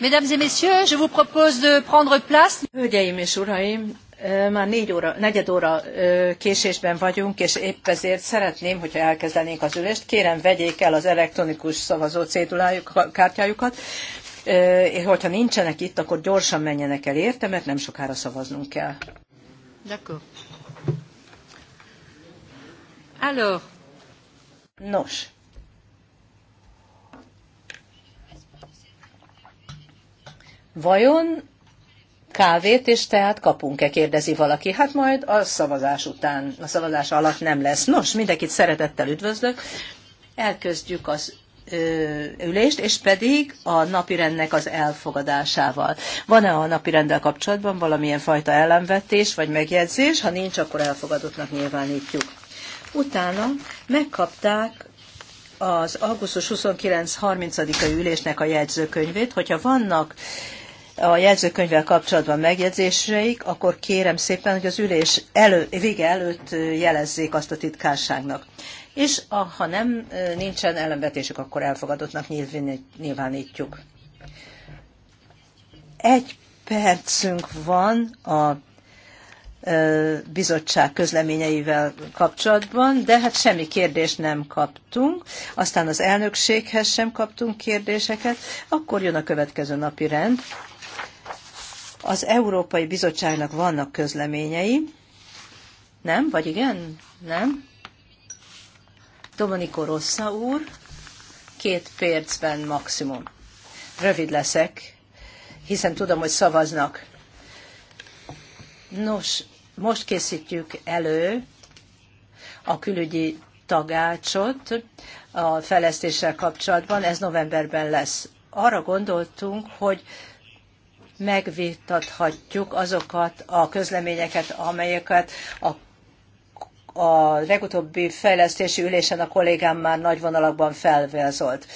Mesdames et messieurs, je vous propose de prendre place. Hölgyeim és uraim, már négy óra, negyed óra késésben vagyunk, és épp ezért szeretném, hogyha elkezdenénk az ülést, kérem vegyék el az elektronikus szavazó cédulájukat, hogyha nincsenek itt, akkor gyorsan menjenek el érte, mert nem sokára szavaznunk kell. D'accord. Alors. Nos. Vajon kávét és teát kapunk-e, kérdezi valaki. Hát majd a szavazás után, a szavazás alatt nem lesz. Nos, mindenkit szeretettel üdvözlök. Elkezdjük az ülést, és pedig a napirendnek az elfogadásával. Van-e a napirenddel kapcsolatban valamilyen fajta ellenvetés vagy megjegyzés? Ha nincs, akkor elfogadottnak nyilvánítjuk. Utána megkapták az augusztus 29 30 ai ülésnek a jegyzőkönyvét, hogyha vannak a jegyzőkönyvvel kapcsolatban megjegyzéseik, akkor kérem szépen, hogy az ülés elő, vége előtt jelezzék azt a titkárságnak. És a, ha nem nincsen ellenvetésük, akkor elfogadottnak nyilvánítjuk. Egy percünk van a bizottság közleményeivel kapcsolatban, de hát semmi kérdést nem kaptunk. Aztán az elnökséghez sem kaptunk kérdéseket. Akkor jön a következő napi rend. Az Európai Bizottságnak vannak közleményei. Nem? Vagy igen? Nem? Domenico Rossa úr, két percben maximum. Rövid leszek, hiszen tudom, hogy szavaznak. Nos, most készítjük elő a külügyi tagácsot a fejlesztéssel kapcsolatban, ez novemberben lesz. Arra gondoltunk, hogy megvitathatjuk azokat a közleményeket, amelyeket a a legutóbbi fejlesztési ülésen a kollégám már nagy vonalakban felvázolt.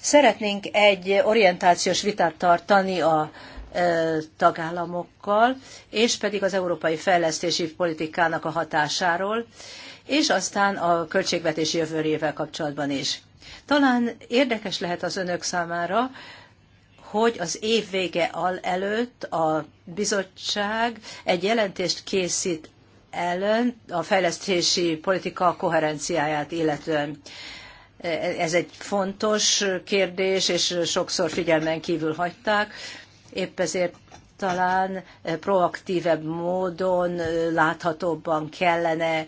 Szeretnénk egy orientációs vitát tartani a e, tagállamokkal, és pedig az európai fejlesztési politikának a hatásáról, és aztán a költségvetési jövőjével kapcsolatban is. Talán érdekes lehet az önök számára, hogy az év vége előtt a bizottság egy jelentést készít ellen a fejlesztési politika koherenciáját illetően. Ez egy fontos kérdés, és sokszor figyelmen kívül hagyták. Épp ezért talán proaktívebb módon láthatóbban kellene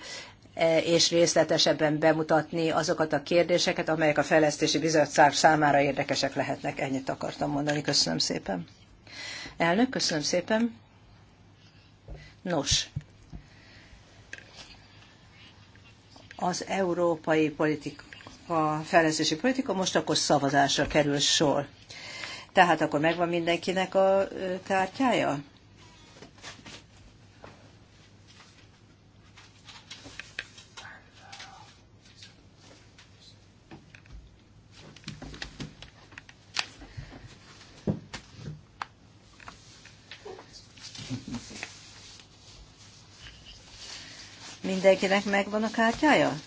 E, és részletesebben bemutatni azokat a kérdéseket, amelyek a Fejlesztési Bizottság számára érdekesek lehetnek. Ennyit akartam mondani. Köszönöm szépen. Elnök, köszönöm szépen. Nos, az európai politika, a fejlesztési politika most akkor szavazásra kerül sor. Tehát akkor megvan mindenkinek a kártyája? Mindenkinek megvan a kártyája?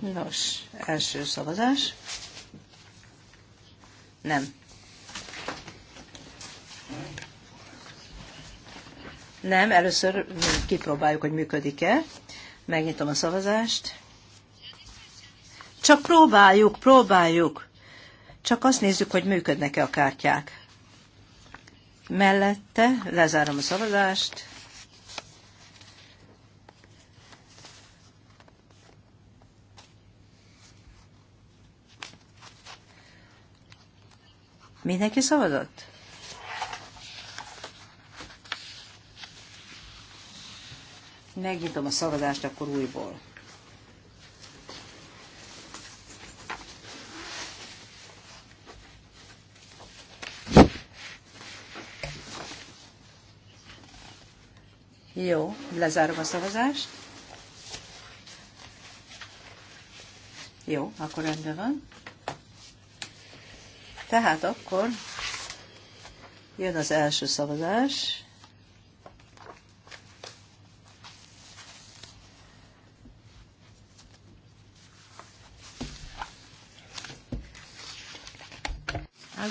Nos, első szavazás. Nem. Nem, először kipróbáljuk, hogy működik-e. Megnyitom a szavazást. Csak próbáljuk, próbáljuk. Csak azt nézzük, hogy működnek-e a kártyák. Mellette lezárom a szavazást. Mindenki szavazott? Megnyitom a szavazást akkor újból. Jó, lezárom a szavazást. Jó, akkor rendben van. Tehát akkor jön az első szavazás.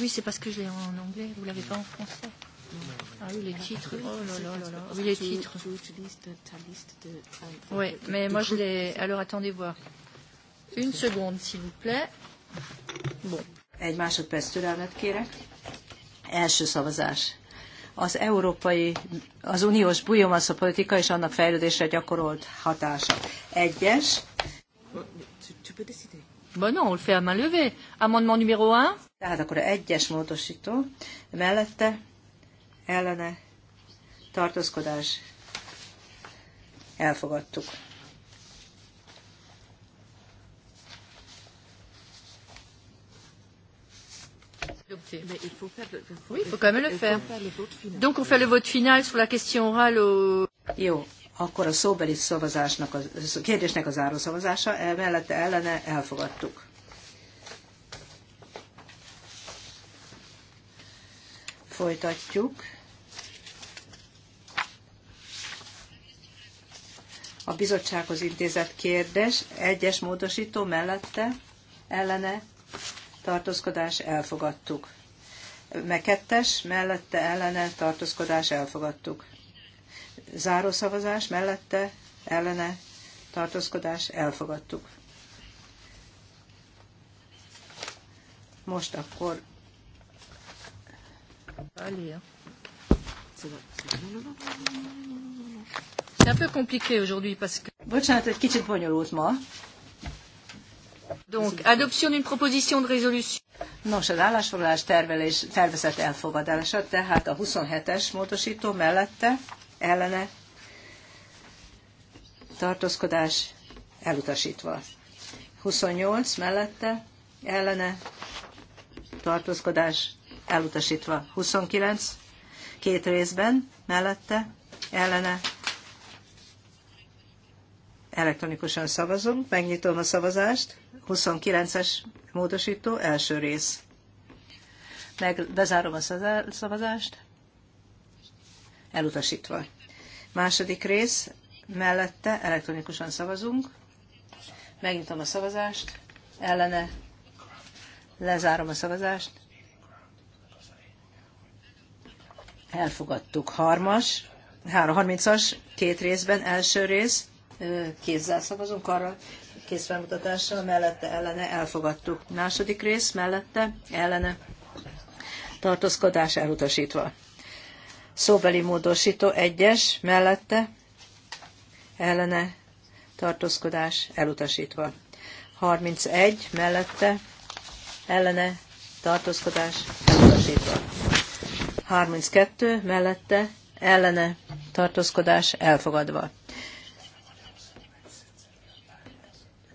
oui, c'est parce que je l'ai en anglais, vous l'avez pas en français. Ah oui, les titres, oh là là là là. Oui, les titres. Oui, mais moi je l'ai. Alors attendez voir. Une seconde, s'il vous plaît. Bon. Egy másodperc türelmet kérek. Első szavazás. Az európai, az uniós bujomassa politika és annak fejlődésre gyakorolt hatása. Egyes. Bon, non, on le fait à main levée. Amendement numéro 1. Tehát akkor a egyes módosító mellette ellene tartózkodás elfogadtuk. Donc on fait le vote final sur la question orale au... Jó, akkor a szóbeli szavazásnak, a kérdésnek az szavazása, e mellette ellene elfogadtuk. folytatjuk. A bizottsághoz intézett kérdés egyes módosító mellette ellene tartózkodás elfogadtuk. Meg kettes mellette ellene tartózkodás elfogadtuk. Zárószavazás mellette ellene tartózkodás elfogadtuk. Most akkor Allez. C'est un peu compliqué aujourd'hui parce que... Bocsánat, egy kicsit bonyolult ma. Donc, adoption d'une proposition de résolution. Nos, az állásfoglalás tervelés, tervezett elfogadása, tehát a 27-es módosító mellette ellene tartózkodás elutasítva. 28 mellette ellene tartózkodás elutasítva. 29 két részben, mellette, ellene. Elektronikusan szavazunk, megnyitom a szavazást. 29-es módosító, első rész. Meg bezárom a szavazást. Elutasítva. Második rész, mellette elektronikusan szavazunk. Megnyitom a szavazást, ellene lezárom a szavazást. Elfogadtuk. Harmas, 330-as, két részben, első rész, kézzel szavazunk arra, felmutatásra, mellette, ellene, elfogadtuk. Második rész, mellette, ellene, tartózkodás elutasítva. Szóbeli módosító egyes, mellette, ellene, tartózkodás elutasítva. 31 mellette, ellene, tartózkodás elutasítva. 32 mellette ellene tartózkodás elfogadva.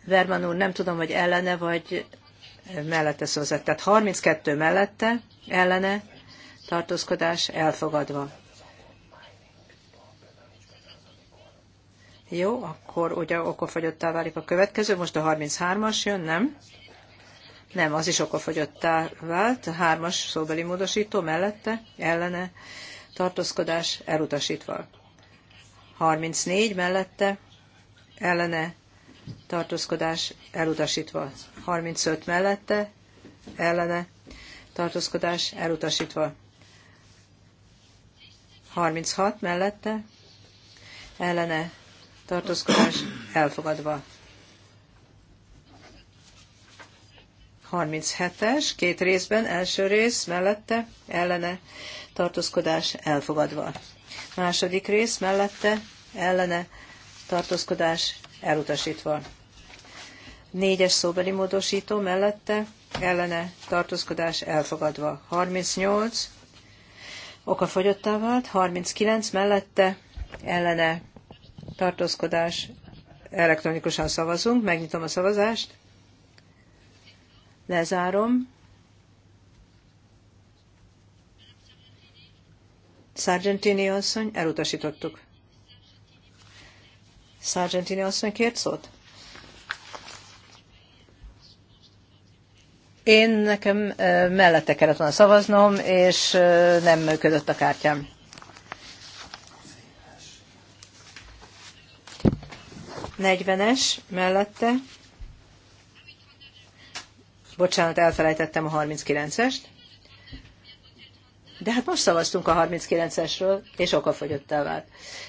Verman úr, nem tudom, hogy ellene vagy mellette szózett. Tehát 32 mellette ellene tartózkodás elfogadva. Jó, akkor ugye okofagyottá válik a következő. Most a 33-as jön, nem? Nem, az is okafogyottá vált. A hármas szóbeli módosító mellette, ellene, tartózkodás elutasítva. 34 mellette, ellene, tartózkodás elutasítva. 35 mellette, ellene, tartózkodás elutasítva. 36 mellette, ellene, tartózkodás elfogadva. 37-es, két részben, első rész mellette, ellene, tartózkodás elfogadva. Második rész mellette, ellene, tartózkodás elutasítva. Négyes szóbeli módosító mellette, ellene, tartózkodás elfogadva. 38, fogyottá vált, 39 mellette, ellene, tartózkodás, elektronikusan szavazunk, megnyitom a szavazást. Lezárom. Sargentini asszony, elutasítottuk. Sargentini asszony kért szót? Én nekem mellette kellett volna szavaznom, és nem működött a kártyám. Negyvenes mellette. Bocsánat, elfelejtettem a 39-est. De hát most szavaztunk a 39-esről, és okafogyottá vált.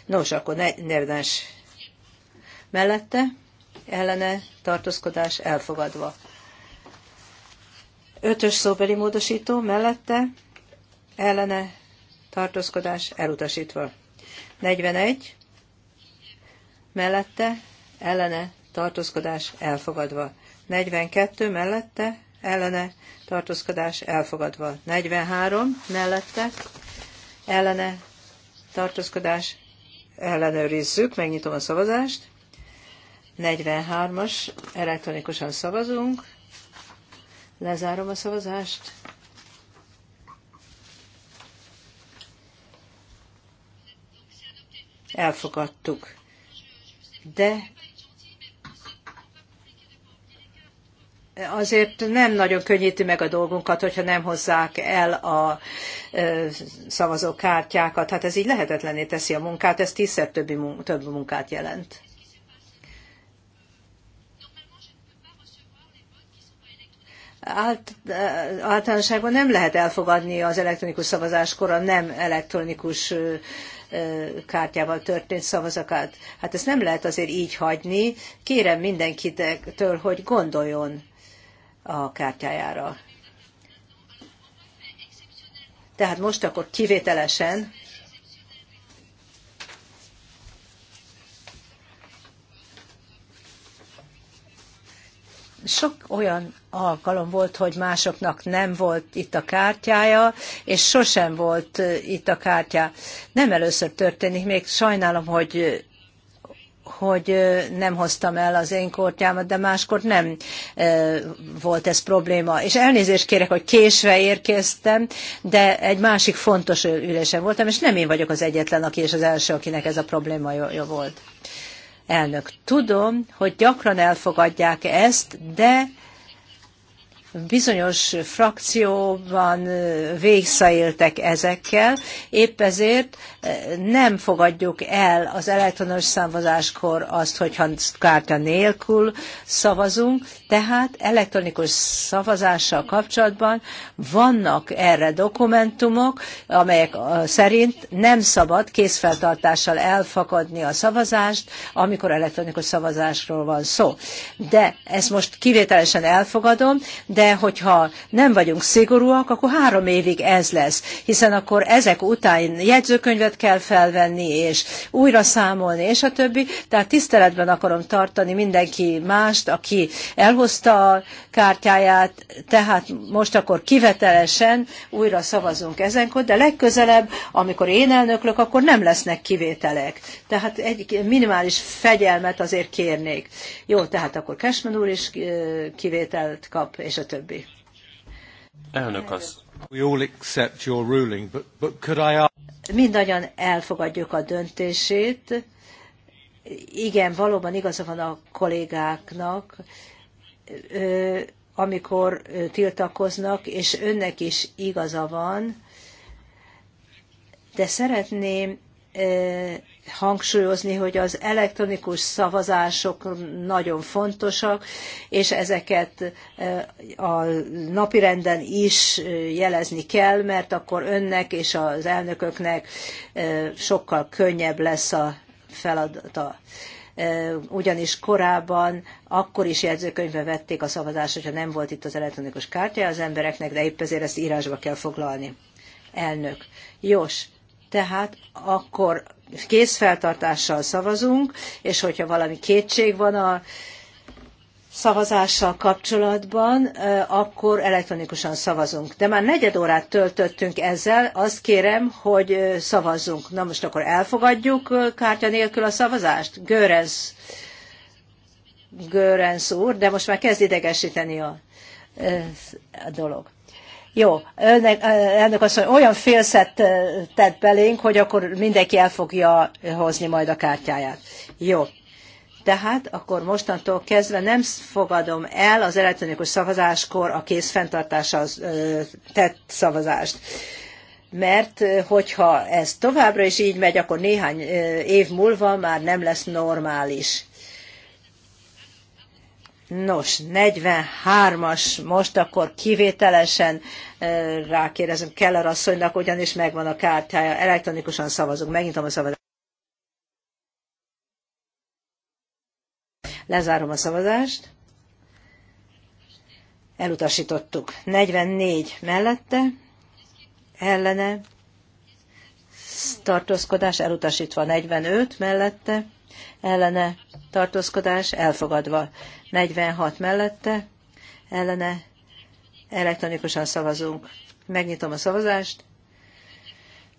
Nos, akkor ne, nervens. Mellette ellene tartózkodás elfogadva. Ötös szóbeli módosító mellette ellene tartózkodás elutasítva. 41 mellette ellene tartózkodás elfogadva. 42 mellette ellene tartózkodás elfogadva. 43 mellette ellene tartózkodás ellenőrizzük, megnyitom a szavazást. 43-as, elektronikusan szavazunk. Lezárom a szavazást. Elfogadtuk. De azért nem nagyon könnyíti meg a dolgunkat, hogyha nem hozzák el a szavazókártyákat. Hát ez így lehetetlené teszi a munkát, ez tízszer többi, több munkát jelent. Ált, általánosságban nem lehet elfogadni az elektronikus szavazáskor a nem elektronikus kártyával történt szavazakat. Hát ezt nem lehet azért így hagyni. Kérem mindenkitől, hogy gondoljon a kártyájára. Tehát most akkor kivételesen sok olyan alkalom volt, hogy másoknak nem volt itt a kártyája, és sosem volt eh, itt a kártya. Nem először történik, még sajnálom, hogy hogy nem hoztam el az én kortyámat, de máskor nem volt ez probléma. És elnézést kérek, hogy késve érkeztem, de egy másik fontos ülésen voltam, és nem én vagyok az egyetlen, aki és az első, akinek ez a probléma volt. Elnök, tudom, hogy gyakran elfogadják ezt, de bizonyos frakcióban végszáéltek ezekkel, épp ezért nem fogadjuk el az elektronos szavazáskor azt, hogyha kártya nélkül szavazunk, tehát elektronikus szavazással kapcsolatban vannak erre dokumentumok, amelyek szerint nem szabad készfeltartással elfakadni a szavazást, amikor elektronikus szavazásról van szó. De ezt most kivételesen elfogadom, de hogyha nem vagyunk szigorúak, akkor három évig ez lesz, hiszen akkor ezek után jegyzőkönyvet kell felvenni, és újra számolni, és a többi. Tehát tiszteletben akarom tartani mindenki mást, aki elhozta a kártyáját, tehát most akkor kivetelesen újra szavazunk ezenkor, de legközelebb, amikor én elnöklök, akkor nem lesznek kivételek. Tehát egy minimális fegyelmet azért kérnék. Jó, tehát akkor Cashman úr is kivételt kap, és a stb. Elnök az. Mindannyian elfogadjuk a döntését. Igen, valóban igaza van a kollégáknak, amikor tiltakoznak, és önnek is igaza van, de szeretném hangsúlyozni, hogy az elektronikus szavazások nagyon fontosak, és ezeket eh, a napirenden is eh, jelezni kell, mert akkor önnek és az elnököknek eh, sokkal könnyebb lesz a feladata ugyanis korábban akkor is jegyzőkönyvbe vették a szavazást, hogyha nem volt itt az elektronikus kártya az embereknek, de épp ezért ezt írásba kell foglalni. Elnök. Jós, tehát akkor kézfeltartással szavazunk, és hogyha valami kétség van a szavazással kapcsolatban, akkor elektronikusan szavazunk. De már negyed órát töltöttünk ezzel, azt kérem, hogy szavazzunk. Na most akkor elfogadjuk kártya nélkül a szavazást? Görenz, Görenz úr, de most már kezd idegesíteni a, a dolog. Jó, önnek, elnök azt mondja, olyan félszett tett belénk, hogy akkor mindenki el fogja hozni majd a kártyáját. Jó. Tehát akkor mostantól kezdve nem fogadom el az elektronikus szavazáskor a kész fenntartása tett szavazást. Mert hogyha ez továbbra is így megy, akkor néhány év múlva már nem lesz normális. Nos, 43-as most akkor kivételesen eh, rákérdezem Keller asszonynak, ugyanis megvan a kártyája, elektronikusan szavazunk, megnyitom a szavazást. Lezárom a szavazást. Elutasítottuk. 44 mellette, ellene, tartózkodás elutasítva 45 mellette, ellene tartózkodás elfogadva. 46 mellette ellene elektronikusan szavazunk. Megnyitom a szavazást,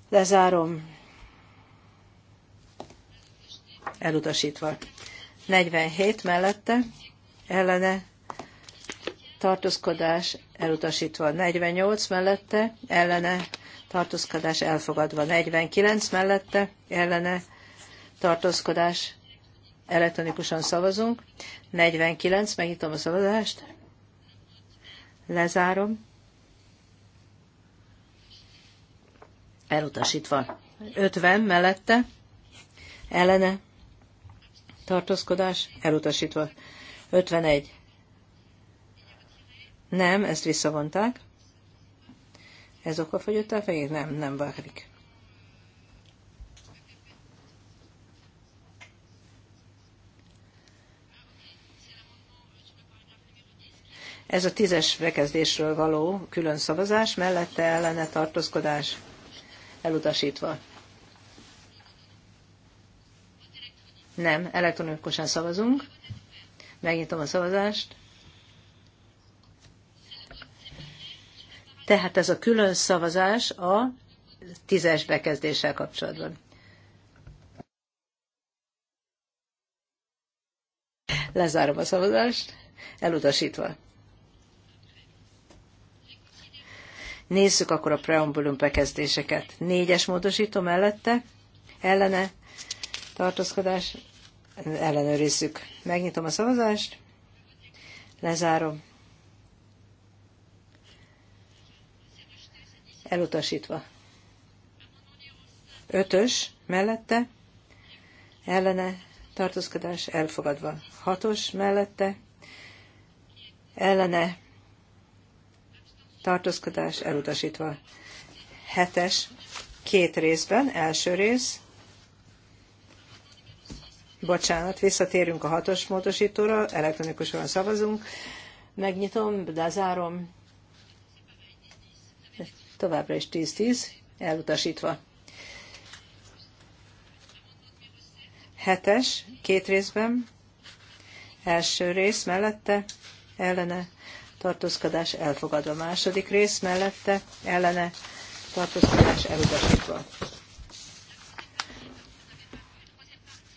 lezárom, elutasítva. 47 mellette ellene tartózkodás elutasítva. 48 mellette ellene tartózkodás elfogadva. 49 mellette ellene tartózkodás, elektronikusan szavazunk. 49, megnyitom a szavazást, lezárom, elutasítva. 50 mellette, ellene, tartózkodás, elutasítva. 51. Nem, ezt visszavonták. Ez a fejét? Nem, nem válik. Ez a tízes bekezdésről való külön szavazás, mellette ellene tartózkodás elutasítva. Nem, elektronikusan szavazunk. Megnyitom a szavazást. Tehát ez a külön szavazás a tízes bekezdéssel kapcsolatban. Lezárom a szavazást, elutasítva. Nézzük akkor a preambulum bekezdéseket. Négyes módosító mellette, ellene, tartózkodás, ellenőrizzük. Megnyitom a szavazást, lezárom. Elutasítva. Ötös mellette, ellene, tartózkodás elfogadva. Hatos mellette, ellene, tartózkodás elutasítva. Hetes, két részben, első rész, bocsánat, visszatérünk a hatos módosítóra, elektronikusan szavazunk, megnyitom, lezárom, továbbra is 10-10, elutasítva. Hetes, két részben, első rész mellette, ellene tartózkodás elfogadva. Második rész mellette ellene tartózkodás elutasítva.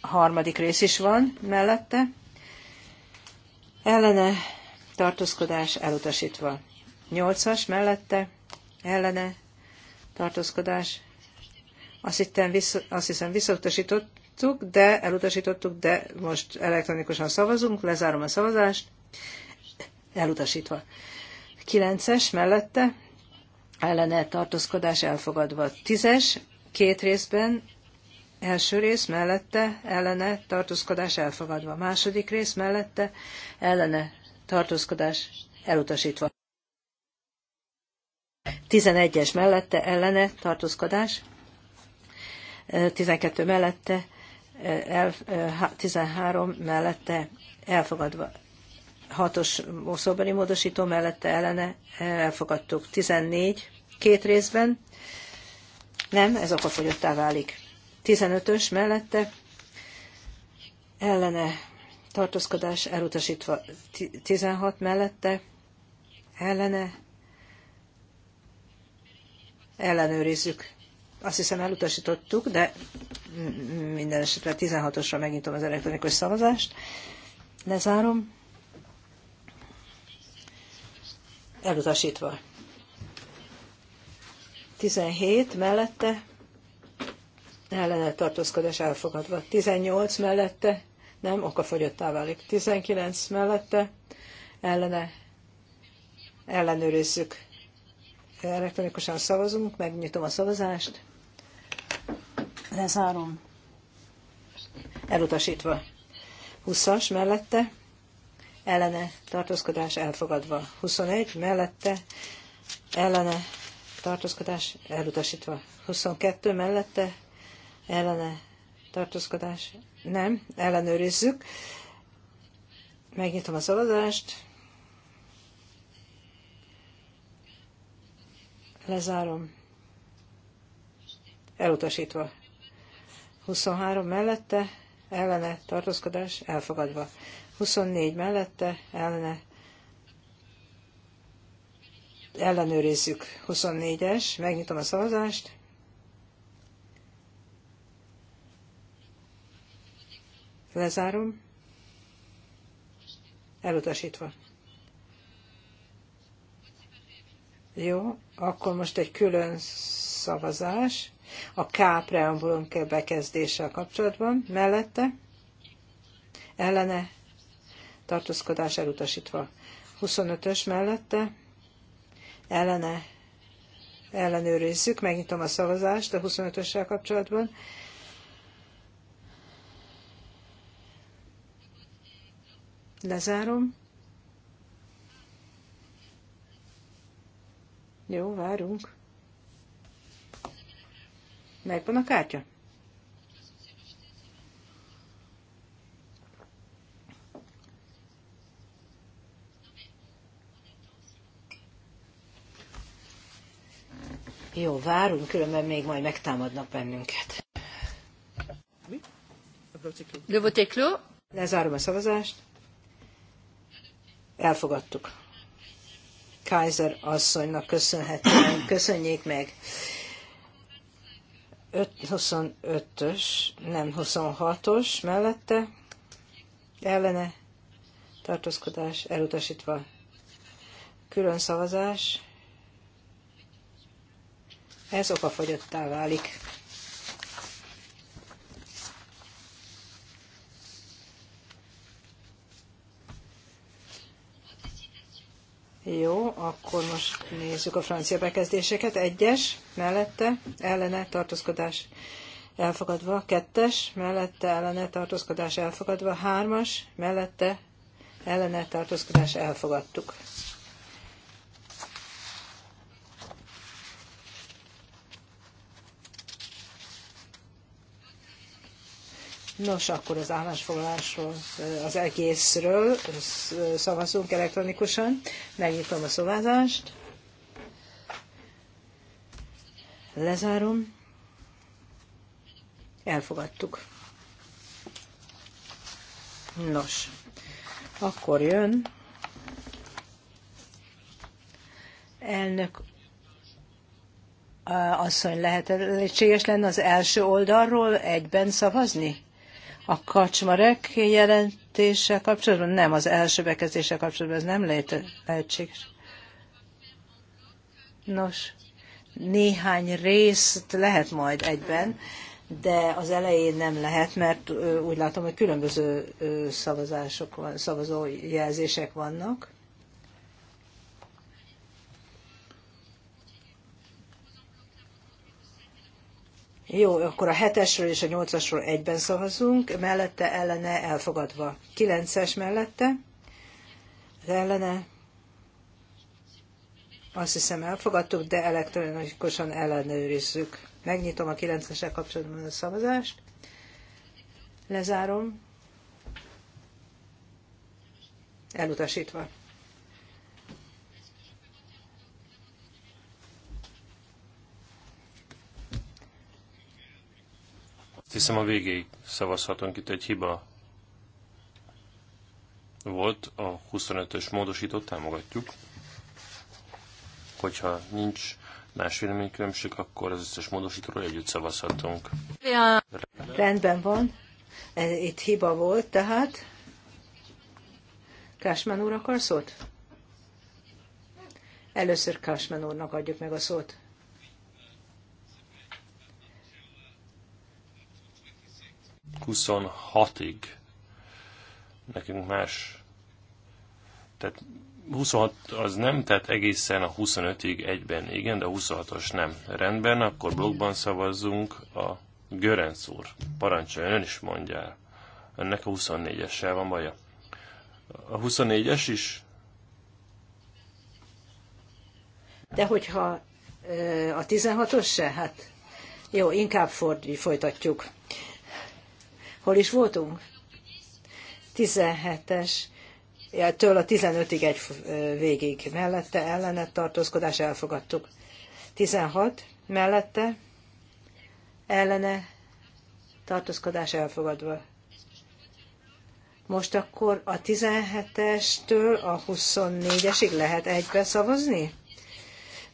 harmadik rész is van mellette. Ellene tartózkodás elutasítva. Nyolcas mellette ellene tartózkodás. Azt, hittem, vissza, azt hiszem visszautasított de elutasítottuk, de most elektronikusan szavazunk, lezárom a szavazást elutasítva. 9-es mellette ellene tartózkodás elfogadva. 10-es két részben első rész mellette ellene tartózkodás elfogadva. Második rész mellette ellene tartózkodás elutasítva. 11-es mellette ellene tartózkodás, 12 mellette, tizenhárom 13 mellette elfogadva, hatos szóbeli módosító mellette ellene eh, elfogadtuk. 14 két részben. Nem, ez okafogyottá válik. 15-ös mellette ellene tartózkodás elutasítva. 16 mellette ellene ellenőrizzük. Azt hiszem elutasítottuk, de minden esetre 16-osra megnyitom az elektronikus szavazást. Lezárom. elutasítva. 17 mellette ellenet tartózkodás elfogadva. 18 mellette nem okafogyottá válik. 19 mellette ellene ellenőrizzük. Elektronikusan szavazunk, megnyitom a szavazást. Lezárom. Elutasítva. 20-as mellette ellene tartózkodás elfogadva. 21 mellette ellene tartózkodás elutasítva. 22 mellette ellene tartózkodás nem, ellenőrizzük. Megnyitom a szavazást. Lezárom. Elutasítva. 23 mellette, ellene tartózkodás elfogadva. 24 mellette ellene ellenőrizzük 24-es, megnyitom a szavazást. Lezárom. Elutasítva. Jó, akkor most egy külön szavazás a K preambulum bekezdéssel kapcsolatban. Mellette ellene tartózkodás elutasítva. 25-ös mellette ellene ellenőrizzük, megnyitom a szavazást a 25-össel kapcsolatban. Lezárom. Jó, várunk. Megvan a kártya? Jó, várunk, különben még majd megtámadnak bennünket. Le vote clos. Lezárom a szavazást. Elfogadtuk. Kaiser asszonynak köszönhetően. Köszönjék meg. 25-ös, nem 26-os mellette. Ellene tartózkodás elutasítva. Külön szavazás. Ez fagyottá válik. Jó, akkor most nézzük a francia bekezdéseket. Egyes, mellette, ellene, tartózkodás elfogadva. Kettes, mellette, ellene, tartózkodás elfogadva. Hármas, mellette, ellene, tartózkodás elfogadtuk. Nos, akkor az állásfoglalásról, az egészről szavazunk elektronikusan. Megnyitom a szavazást. Lezárom. Elfogadtuk. Nos, akkor jön elnök asszony lehetséges lenne az első oldalról egyben szavazni? A kacsmarek jelentése kapcsolatban nem, az első bekezdése kapcsolatban ez nem lehet, lehetséges. Nos, néhány részt lehet majd egyben, de az elején nem lehet, mert úgy látom, hogy különböző szavazások van, jelzések vannak. Jó, akkor a hetesről és a nyolcasról egyben szavazunk, mellette ellene elfogadva. Kilences es mellette, ellene, azt hiszem elfogadtuk, de elektronikusan ellenőrizzük. Megnyitom a kilencesek kapcsolatban a szavazást, lezárom, elutasítva. hiszem a végéig szavazhatunk itt egy hiba volt, a 25-ös módosítót támogatjuk. Hogyha nincs más véleménykülönbség, akkor az összes módosítóról együtt szavazhatunk. Ja. Rendben van. E, itt hiba volt, tehát. Kásmán úr akar szót? Először Kásmán úrnak adjuk meg a szót. 26-ig nekünk más, tehát 26 az nem, tehát egészen a 25-ig egyben igen, de a 26-os nem. Rendben, akkor blogban szavazzunk a Görenc úr. Parancsoljon, ön is mondja. Önnek a 24-essel van baja. A 24-es is? De hogyha a 16-os se, hát jó, inkább folytatjuk. Hol is voltunk? 17-es, től a 15-ig egy végig mellette ellenet tartózkodás elfogadtuk. 16 mellette ellene tartózkodás elfogadva. Most akkor a 17-estől a 24-esig lehet egybe szavazni?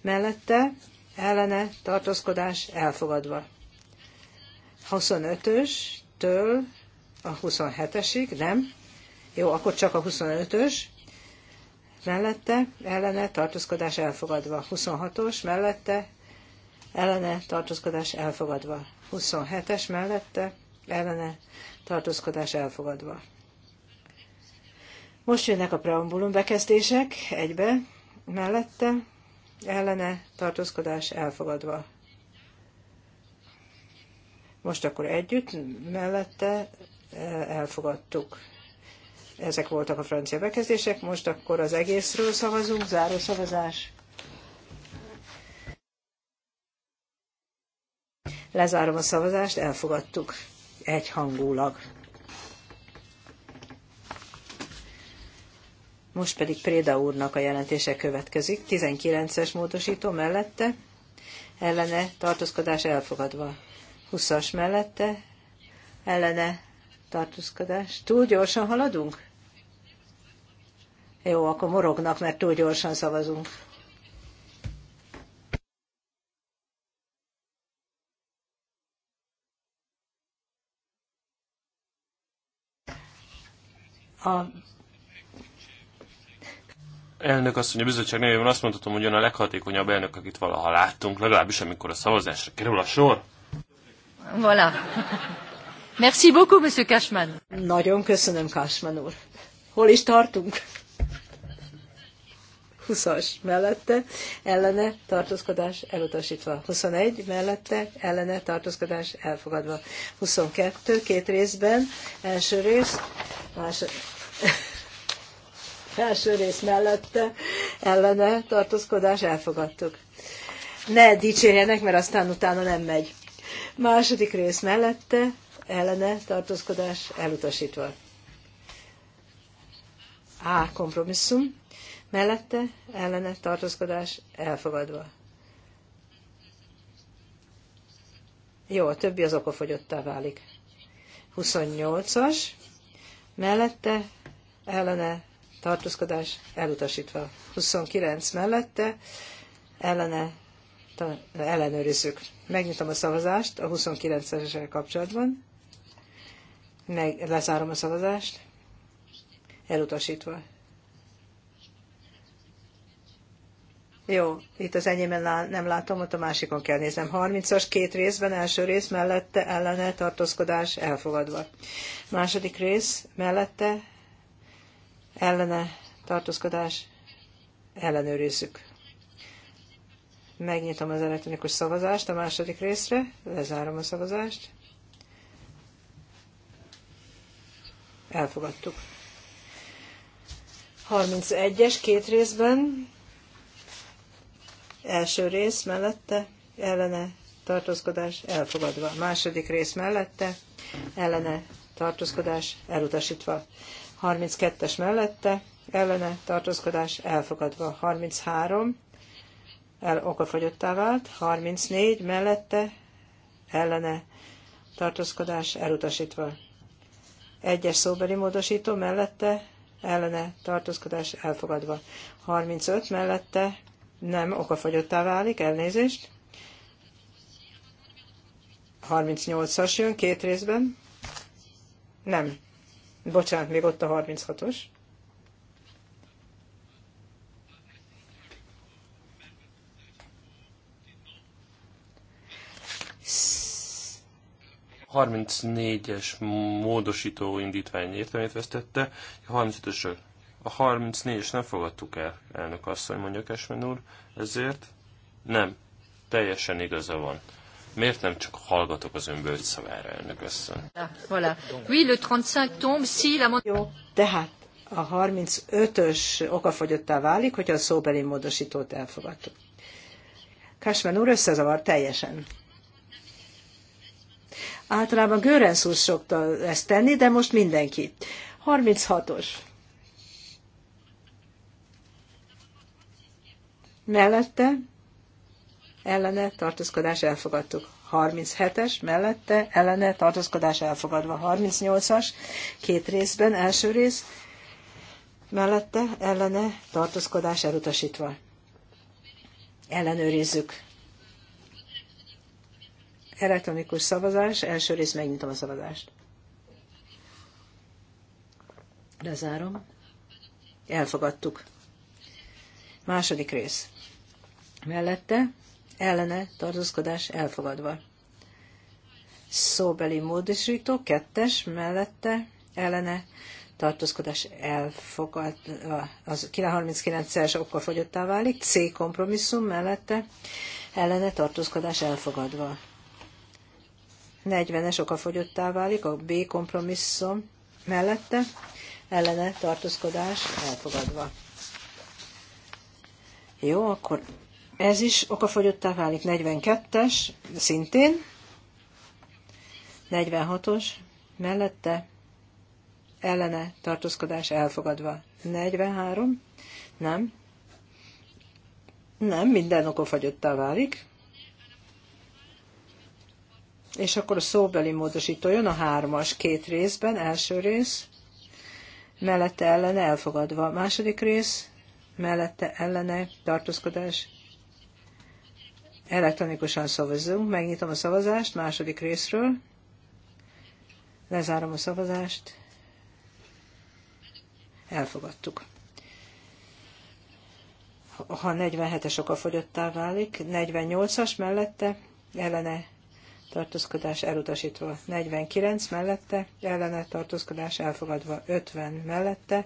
Mellette ellene tartózkodás elfogadva. 25-ös 25-től a 27-esig, nem? Jó, akkor csak a 25-ös. Mellette, ellene, tartózkodás elfogadva. 26-os, mellette, ellene, tartózkodás elfogadva. 27-es mellette, ellene, tartózkodás elfogadva. Most jönnek a preambulum bekezdések egybe, mellette, ellene, tartózkodás elfogadva. Most akkor együtt, mellette e, elfogadtuk. Ezek voltak a francia bekezdések, most akkor az egészről szavazunk, záró szavazás. Lezárom a szavazást, elfogadtuk egyhangulag. Most pedig Préda úrnak a jelentése következik, 19-es módosító mellette, ellene tartózkodás elfogadva. 20-as mellette ellene tartózkodás. Túl gyorsan haladunk? Jó, akkor morognak, mert túl gyorsan szavazunk. A elnök asszony, a bizottság nevében azt mondhatom, hogy jön a leghatékonyabb elnök, akit valaha láttunk, legalábbis amikor a szavazásra kerül a sor. Voilà. Merci beaucoup, Monsieur Cashman. Nagyon köszönöm, Cashman úr. Hol is tartunk? 20-as mellette, ellene tartózkodás elutasítva. 21 mellette, ellene tartózkodás elfogadva. 22 két részben, első rész, más, első rész mellette, ellene tartózkodás elfogadtuk. Ne dicsérjenek, mert aztán utána nem megy. Második rész mellette, ellene tartózkodás elutasítva. A. Kompromisszum. Mellette, ellene tartózkodás elfogadva. Jó, a többi az okofogyottá válik. 28-as. Mellette, ellene tartózkodás elutasítva. 29 mellette, ellene ellenőrizzük. Megnyitom a szavazást a 29-esre kapcsolatban. Meg, lezárom a szavazást. Elutasítva. Jó, itt az lá- nem látom, ott a másikon kell néznem. 30-as két részben, első rész mellette ellene tartózkodás elfogadva. Második rész mellette ellene tartózkodás ellenőrizzük. Megnyitom az elektronikus szavazást a második részre, lezárom a szavazást. Elfogadtuk. 31-es két részben, első rész mellette, ellene tartózkodás elfogadva. Második rész mellette, ellene tartózkodás elutasítva. 32-es mellette, ellene tartózkodás elfogadva. 33 el okafogyottá vált, 34 mellette ellene tartózkodás elutasítva. Egyes szóbeli módosító mellette ellene tartózkodás elfogadva. 35 mellette nem okafogyottá válik, elnézést. 38-as jön két részben. Nem. Bocsánat, még ott a 36-os. 34-es módosító indítvány értelmét vesztette, a 35-ös a 34-es nem fogadtuk el, elnök asszony, mondja Kesmen úr, ezért nem, teljesen igaza van. Miért nem csak hallgatok az ön bölcs szavára, elnök asszony? Jó, tehát a 35-ös okafogyottá válik, hogyha a szóbeli módosítót elfogadtuk. Kasman úr összezavar teljesen. Általában Görenc úr szokta ezt tenni, de most mindenki. 36-os. Mellette ellene tartózkodás elfogadtuk. 37-es, mellette ellene tartózkodás elfogadva. 38-as, két részben, első rész, mellette ellene tartózkodás elutasítva. Ellenőrizzük. Elektronikus szavazás, első rész megnyitom a szavazást. Lezárom. Elfogadtuk. Második rész. Mellette ellene tartózkodás elfogadva. Szóbeli módosító, kettes, mellette ellene tartózkodás elfogad, az 39 es okkal fogyottá válik, C kompromisszum mellette ellene tartózkodás elfogadva. 40-es okafogyottá válik, a B kompromisszum mellette, ellene tartózkodás elfogadva. Jó, akkor ez is okafogyottá válik, 42-es szintén, 46-os mellette, ellene tartózkodás elfogadva. 43, nem, nem, minden okafogyottá válik. És akkor a szóbeli módosító jön a hármas két részben, első rész, mellette ellene elfogadva. Második rész, mellette ellene tartózkodás. Elektronikusan szavazunk, megnyitom a szavazást második részről, lezárom a szavazást, elfogadtuk. Ha 47-es oka fogyottá válik, 48-as mellette ellene tartózkodás elutasítva 49 mellette, ellene tartózkodás elfogadva 50 mellette,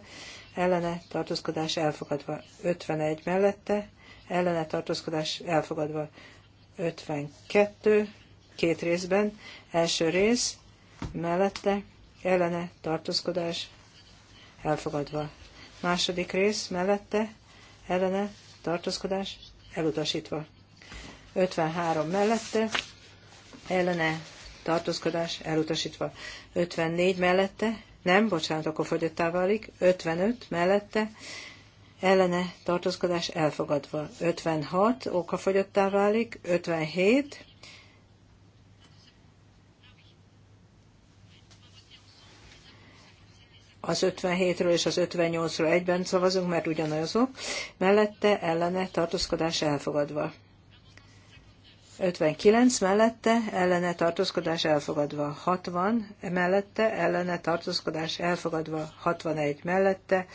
ellene tartózkodás elfogadva 51 mellette, ellene tartózkodás elfogadva 52 két részben, első rész mellette, ellene tartózkodás elfogadva. Második rész mellette, ellene tartózkodás elutasítva. 53 mellette, ellene tartózkodás elutasítva. 54 mellette, nem, bocsánat, akkor fogyottá válik, 55 mellette, ellene tartózkodás elfogadva. 56 fogyottá válik, 57 az 57-ről és az 58-ról egyben szavazunk, mert ugyanazok, mellette ellene tartózkodás elfogadva. 59 mellette ellene tartózkodás elfogadva 60, mellette ellene tartózkodás elfogadva 61, mellette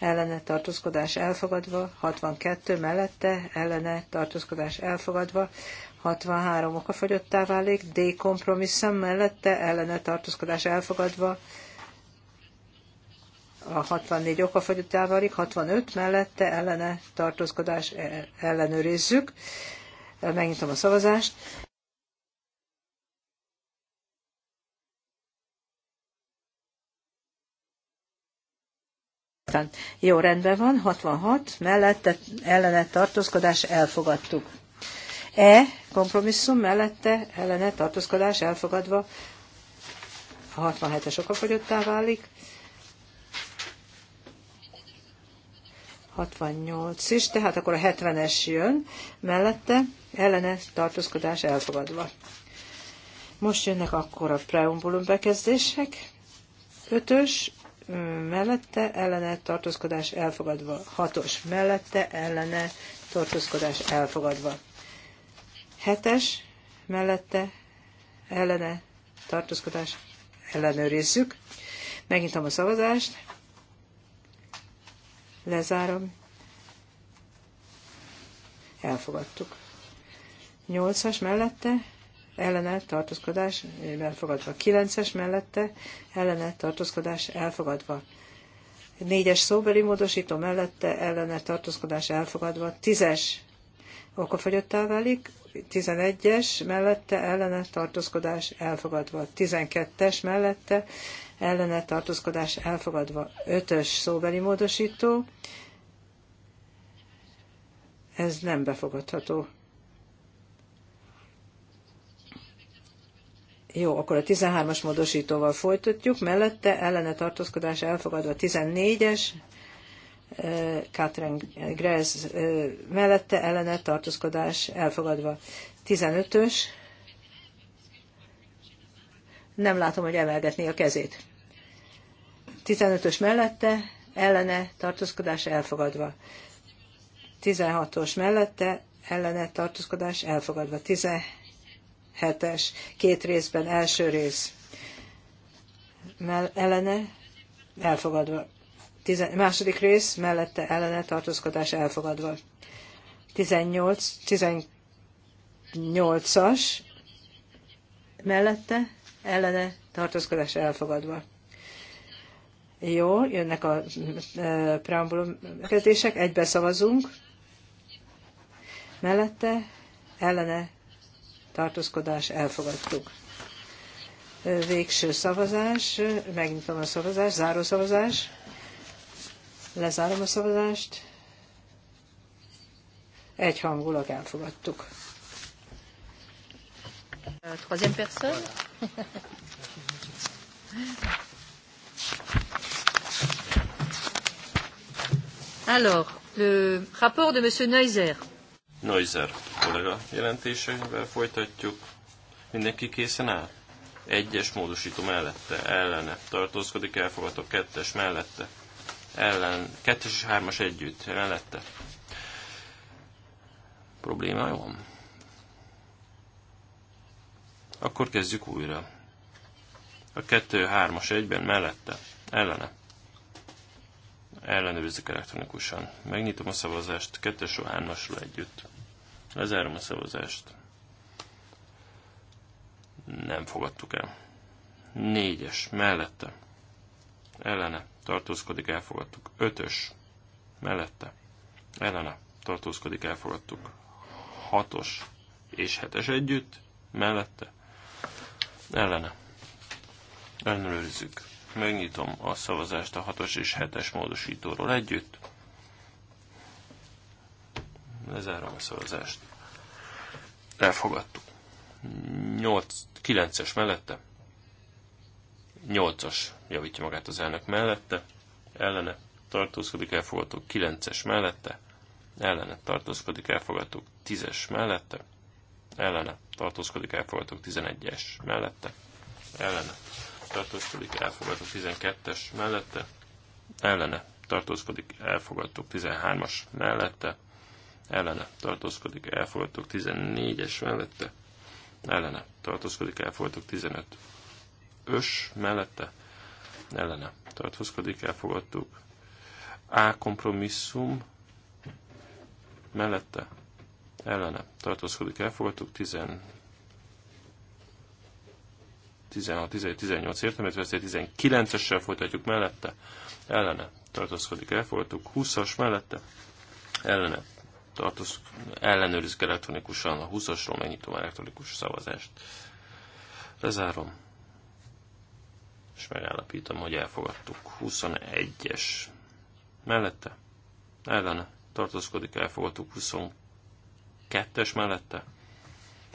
ellene tartózkodás elfogadva 62, mellette ellene tartózkodás elfogadva 63 okafogyottá válik, D kompromisszum mellette ellene tartózkodás elfogadva a 64 okafogyottá válik, 65 mellette ellene tartózkodás e- ellenőrizzük. Megnyitom a szavazást. Jó, rendben van, 66, mellette ellene tartózkodás elfogadtuk. E, kompromisszum, mellette ellene tartózkodás elfogadva, a 67-es okafogyottá válik. 68 is, tehát akkor a 70-es jön, mellette ellene tartózkodás elfogadva. Most jönnek akkor a preambulum bekezdések. 5-ös mm, mellette ellene tartózkodás elfogadva. 6-os mellette ellene tartózkodás elfogadva. 7-es mellette ellene tartózkodás ellenőrizzük. Megnyitom a szavazást. Lezárom. Elfogadtuk. Nyolcas mellette ellene tartózkodás elfogadva. Kilences mellette ellene tartózkodás elfogadva. Négyes szóbeli módosító mellette ellene tartózkodás elfogadva. Tízes okafogyottá válik. 11-es mellette ellene tartózkodás elfogadva. 12-es mellette ellene tartózkodás elfogadva. Ötös szóbeli módosító. Ez nem befogadható. Jó, akkor a 13-as módosítóval folytatjuk, mellette ellene tartózkodás elfogadva 14-es, Katrin Grez mellette ellene tartózkodás elfogadva 15-ös, nem látom, hogy emelgetné a kezét. 15-ös mellette, ellene, tartózkodás elfogadva. 16-os mellette, ellene, tartózkodás elfogadva. 17-es, két részben, első rész mell- ellene, elfogadva. Tizen- második rész, mellette ellene, tartózkodás elfogadva. 18, 18-as, mellette, ellene tartózkodás elfogadva. Jó, jönnek a e, preambulum kérdések, egybe szavazunk. Mellette ellene tartózkodás elfogadtuk. Végső szavazás, megnyitom a szavazás, záró szavazás. Lezárom a szavazást. Egyhangulag elfogadtuk. Euh, troisième personne. Alors, le rapport de M. Neuser. Neuser kollega jelentésével folytatjuk. Mindenki készen áll? Egyes módosító mellette, ellene. Tartózkodik, elfogadó kettes mellette. Ellen, kettes és hármas együtt, mellette. Problémája van? Akkor kezdjük újra. A 2-3-as egyben mellette, ellene. Ellenőrizzük elektronikusan. Megnyitom a szavazást 2 3-asról együtt. Lezárom a szavazást. Nem fogadtuk el. 4-es mellette. Ellene. Tartózkodik, elfogadtuk. 5-ös mellette. Ellene. Tartózkodik, elfogadtuk. 6-os és 7-es együtt mellette ellene. Ellenőrizzük. Megnyitom a szavazást a 6-os és 7-es módosítóról együtt. Lezárom a szavazást. Elfogadtuk. 9-es mellette. 8-as javítja magát az elnök mellette. Ellene tartózkodik, elfogadtuk. 9-es mellette. Ellene tartózkodik, elfogadtuk. 10-es mellette ellene tartózkodik, elfogadók 11-es mellette, ellene tartózkodik, elfogadók 12-es mellette, ellene tartózkodik, elfogadók 13-as mellette, ellene tartózkodik, elfogadók 14-es mellette, ellene tartózkodik, elfogadók 15 ös mellette, ellene tartózkodik, elfogadók A kompromisszum mellette ellene tartózkodik, elfogadtuk, 10, 16, 17, 18 értelmet veszély, 19-essel folytatjuk mellette, ellene tartózkodik, elfogadtuk, 20-as mellette, ellene tartoz, ellenőrizik elektronikusan a 20-asról, megnyitom elektronikus szavazást. Lezárom, és megállapítom, hogy elfogadtuk. 21-es mellette, ellene tartózkodik, elfogadtuk, 22 Kettes mellette?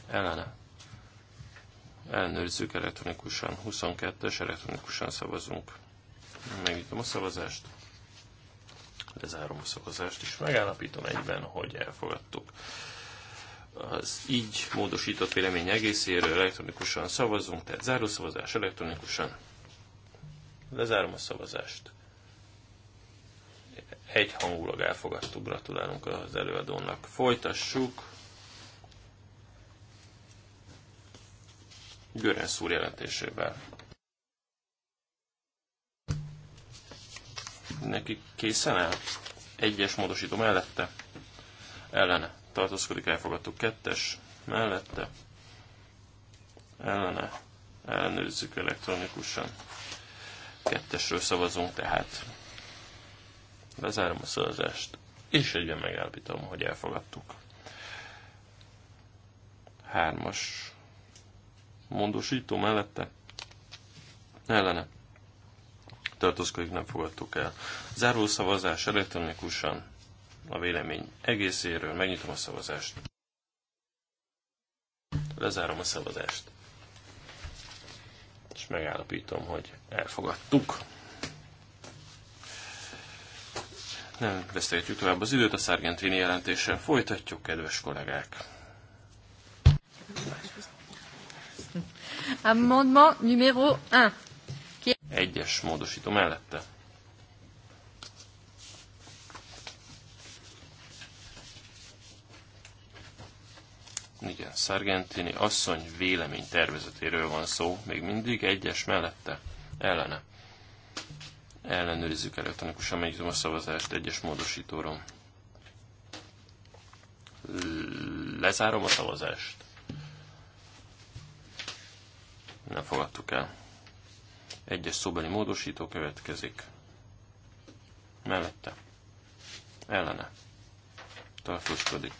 Ellene. Ellenőrizzük elektronikusan. 22-es elektronikusan szavazunk. Megnyitom a szavazást. Lezárom a szavazást, és megállapítom egyben, hogy elfogadtuk. Az így módosított vélemény egészéről elektronikusan szavazunk, tehát zárószavazás elektronikusan. Lezárom a szavazást egyhangulag elfogadtuk. Gratulálunk az előadónak. Folytassuk. Gören szúr jelentésével. Neki készen el? Egyes módosító mellette. Ellene. Tartózkodik, elfogadtuk. Kettes mellette. Ellene. Ellenőrizzük elektronikusan. Kettesről szavazunk tehát. Lezárom a szavazást, és egyben megállapítom, hogy elfogadtuk. Hármas mondósító mellette ellene tartózkodik, nem fogadtuk el. Záró szavazás elektronikusan a vélemény egészéről. Megnyitom a szavazást. Lezárom a szavazást. És megállapítom, hogy elfogadtuk. ne vesztegetjük tovább az időt, a szargentini jelentéssel folytatjuk, kedves kollégák. Amendement numéro 1. Egyes módosító mellette. Igen, Sargentini asszony vélemény tervezetéről van szó, még mindig egyes mellette, ellene ellenőrizzük elektronikusan, megnyitom a szavazást egyes módosítóra. Lezárom a szavazást. Nem fogadtuk el. Egyes szóbeli módosító következik. Mellette. Ellene. Tartózkodik.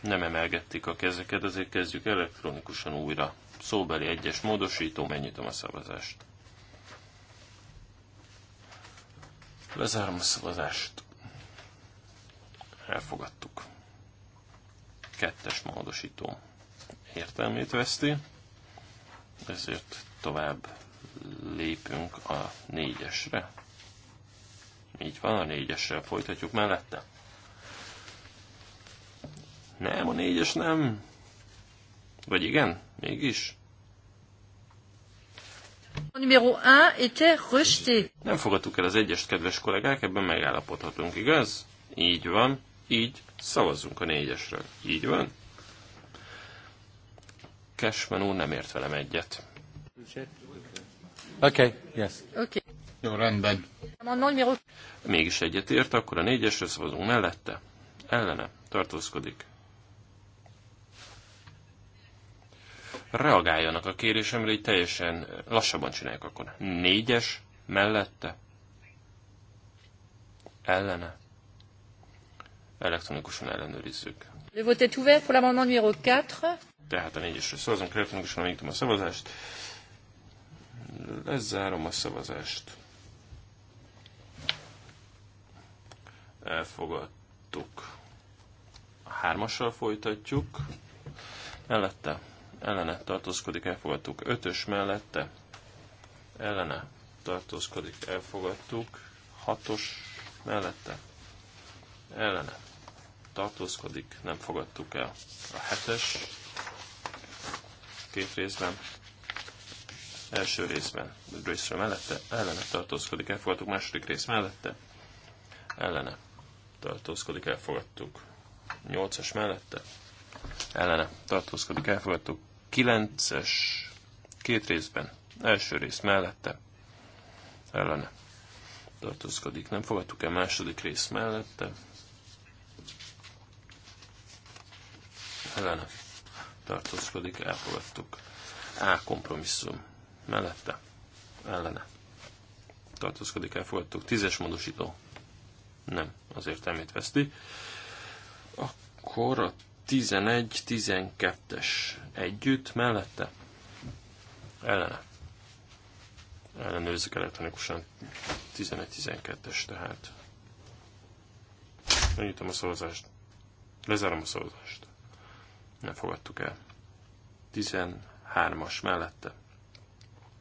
Nem emelgették a kezeket, ezért kezdjük elektronikusan újra szóbeli egyes módosító, megnyitom a szavazást. Lezárom a szavazást. Elfogadtuk. Kettes módosító értelmét veszti, ezért tovább lépünk a négyesre. Így van, a négyesre folytatjuk mellette. Nem, a négyes nem. Vagy igen? Mégis? Nem fogadtuk el az egyest, kedves kollégák, ebben megállapodhatunk, igaz? Így van, így szavazzunk a négyesről. Így van? Cashman úr nem ért velem egyet. Oké, okay, yes. Okay. Jó, rendben. Mégis egyet ért, akkor a négyesről szavazunk mellette. Ellene tartózkodik. reagáljanak a kérésemre, így teljesen lassabban csinálják akkor. Négyes mellette ellene elektronikusan ellenőrizzük. Le vote est ouvert pour l'amendement numéro 4. Tehát a négyesre szavazunk, elektronikusan megnyitom a szavazást. Lezárom a szavazást. Elfogadtuk. A hármassal folytatjuk. Mellette ellene tartózkodik, elfogadtuk. Ötös mellette ellene tartózkodik, elfogadtuk. Hatos mellette ellene tartózkodik, nem fogadtuk el. A hetes két részben első részben, részre mellette, ellene tartózkodik, elfogadtuk, második rész mellette, ellene tartózkodik, elfogadtuk. Nyolcas mellette, ellene tartózkodik, elfogadtuk. 9-es két részben. Első rész mellette ellene tartozkodik. Nem fogadtuk el második rész mellette. Ellene tartózkodik, elfogadtuk. A kompromisszum mellette ellene tartózkodik, elfogadtuk. Tízes módosító nem, azért említ veszti. Akkor a 11-12-es együtt mellette ellene. Ellenőrzik elektronikusan 11-12-es tehát. Megnyitom a szavazást. Lezárom a szavazást. Nem fogadtuk el. 13-as mellette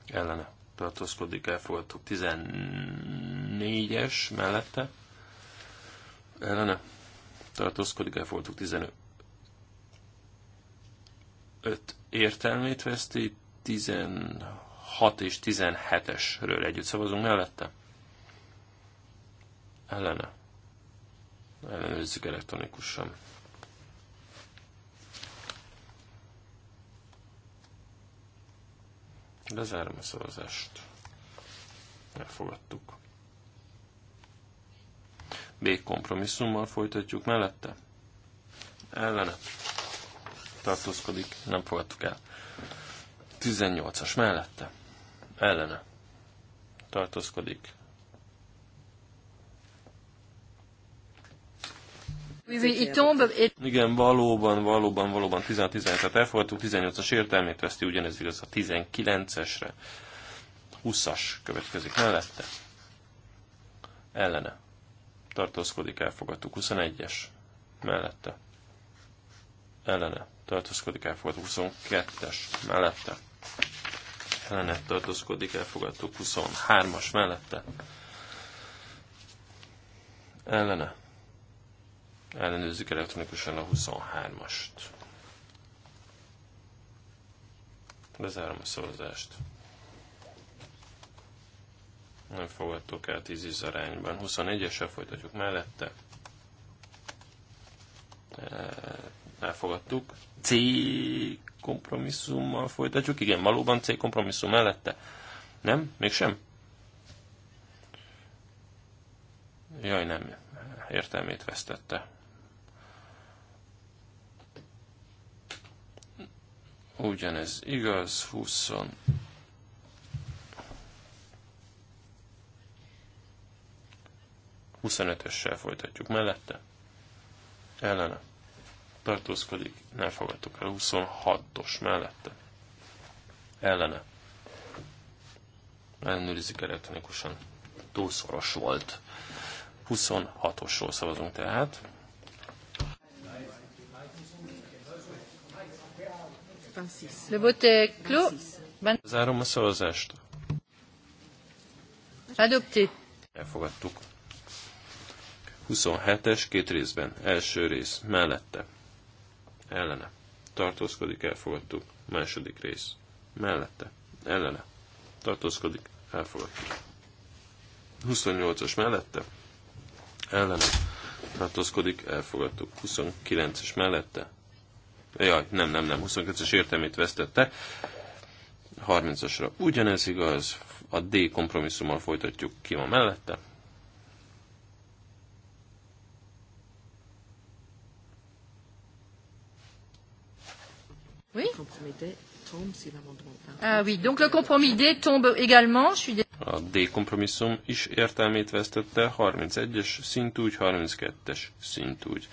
ellene tartózkodik, elfogadtuk. 14-es mellette ellene tartózkodik, elfogadtuk. 15 5 értelmét veszti, 16 és 17-esről együtt szavazunk mellette. Ellene. Ellenőrizzük elektronikusan. Lezárom a szavazást. Elfogadtuk. B kompromisszummal folytatjuk mellette. Ellene tartózkodik, nem fogadtuk el. 18-as mellette, ellene tartózkodik. Igen, valóban, valóban, valóban 17 et elfogadtuk, 18-as értelmét veszti, ugyanez igaz a 19-esre. 20-as következik mellette. Ellene. Tartózkodik, elfogadtuk. 21-es mellette. Ellene tartózkodik, elfogadó 22-es mellette, Ellenet tartózkodik, elfogadó 23-as mellette, ellene, ellenőrzik elektronikusan a 23-ast. Lezárom a szavazást. Nem fogadtok el 10 arányban. 21-esre folytatjuk mellette elfogadtuk. C kompromisszummal folytatjuk, igen, valóban C kompromisszum mellette. Nem? Mégsem? Jaj, nem. Értelmét vesztette. Ugyanez igaz, 20. 25 25-össel folytatjuk mellette. Ellene tartózkodik, nem fogadtuk el. 26-os mellette ellene. Ellenőrizik elektronikusan. Túlszoros volt. 26-osról szavazunk tehát. Le vote clos. Zárom a szavazást. Adopté. Elfogadtuk. 27-es két részben. Első rész mellette ellene, tartózkodik, elfogadtuk. Második rész, mellette, ellene, tartózkodik, elfogadtuk. 28-as mellette, ellene, tartózkodik, elfogadtuk. 29-es mellette, jaj, nem, nem, nem, 29-es értelmét vesztette, 30-asra ugyanez igaz, a D kompromisszummal folytatjuk ki van mellette, Oui. Le Compromis D tombe si l'amendement 20. Ah oui, donc le compromis D tombe également. Je suis dé... A D kompromisszum is értelmét vesztette, 31-es szintúgy, 32-es szintúgy.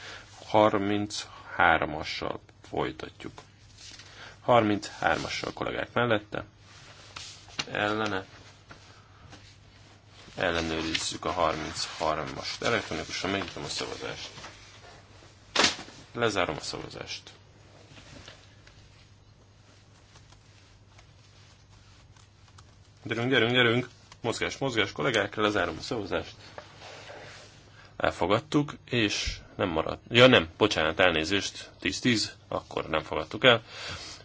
33-assal folytatjuk. 33-assal kollégák mellette. Ellene. Ellenőrizzük a 33 as Elektronikusan megnyitom a szavazást. Lezárom a szavazást. Gyerünk, gyerünk, gyerünk! Mozgás, mozgás, kollégák, lezárom a szavazást. Elfogadtuk, és nem maradt. Ja nem, bocsánat, elnézést, 10-10, akkor nem fogadtuk el.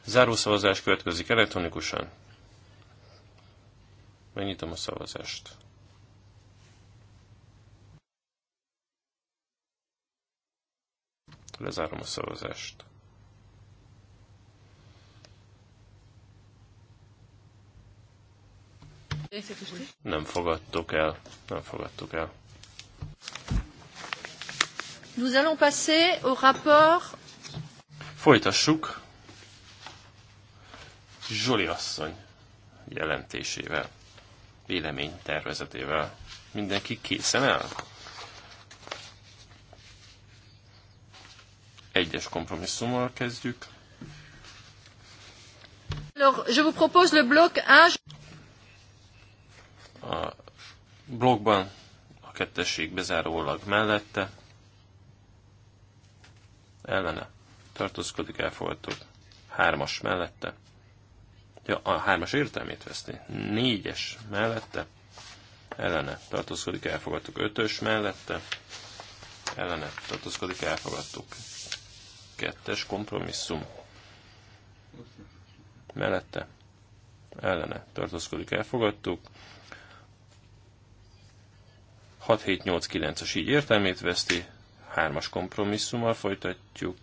Zárószavazás következik elektronikusan. Megnyitom a szavazást. Lezárom a szavazást. Nem fogadtuk el. Nem fogadtuk el. Nous allons passer au rapport. Folytassuk Zsoli asszony jelentésével, vélemény tervezetével. Mindenki készen el? Egyes kompromisszummal kezdjük. Alors, je vous propose le bloc 1 a blogban, a kettesség bezárólag mellette, ellene tartózkodik, elfogadtuk, hármas mellette, ja, a hármas értelmét veszti, négyes mellette, ellene tartózkodik, elfogadtuk, ötös mellette, ellene tartózkodik, elfogadtuk, kettes kompromisszum mellette, ellene tartózkodik, elfogadtuk, 6-7-8-9-es így értelmét veszti, hármas kompromisszummal folytatjuk,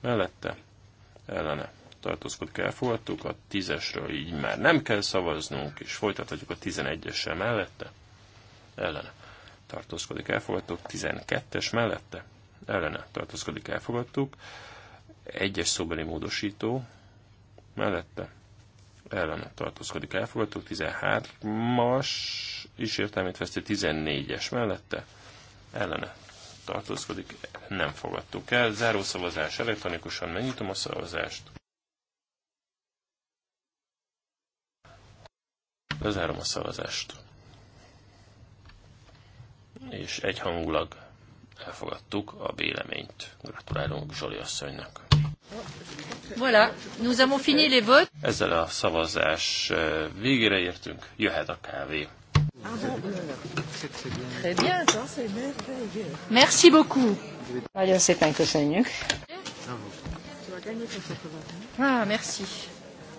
mellette, ellene tartózkodik, elfogadtuk, a 10-esről így már nem kell szavaznunk, és folytatjuk a 11-essel mellette, ellene tartózkodik, elfogadtuk, 12-es mellette, ellene tartózkodik, elfogadtuk, 1-es szóbeli módosító mellette, ellene tartózkodik, elfogadtuk, 13-as is értelmét veszti, 14-es mellette ellene tartózkodik, nem fogadtuk el. Zárószavazás elektronikusan, megnyitom a szavazást. Lezárom a szavazást. És egyhangulag elfogadtuk a véleményt. Gratulálunk Zsoli asszonynak. Voilà, nous avons fini les votes. Ezzel a szavazás eh, végére értünk, jöhet a kávé. Ah bon Très bien, c'est bien, très bien. Merci beaucoup. Nagyon szépen köszönjük. Ah, merci.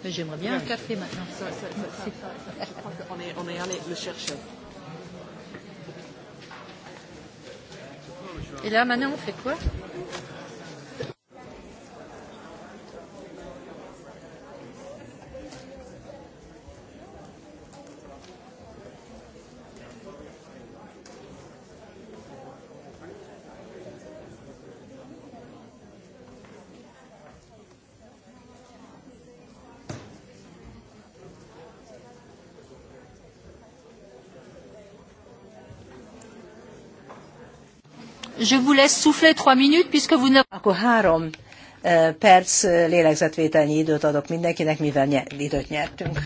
Mais j'aimerais bien un café maintenant. Je crois qu'on est, est allé le chercher. Et là, maintenant, on fait quoi je vous laisse souffler trois minutes, puisque vous ne... Akkor három eh, perc eh, lélegzetvételnyi időt adok mindenkinek, mivel ny- időt nyertünk.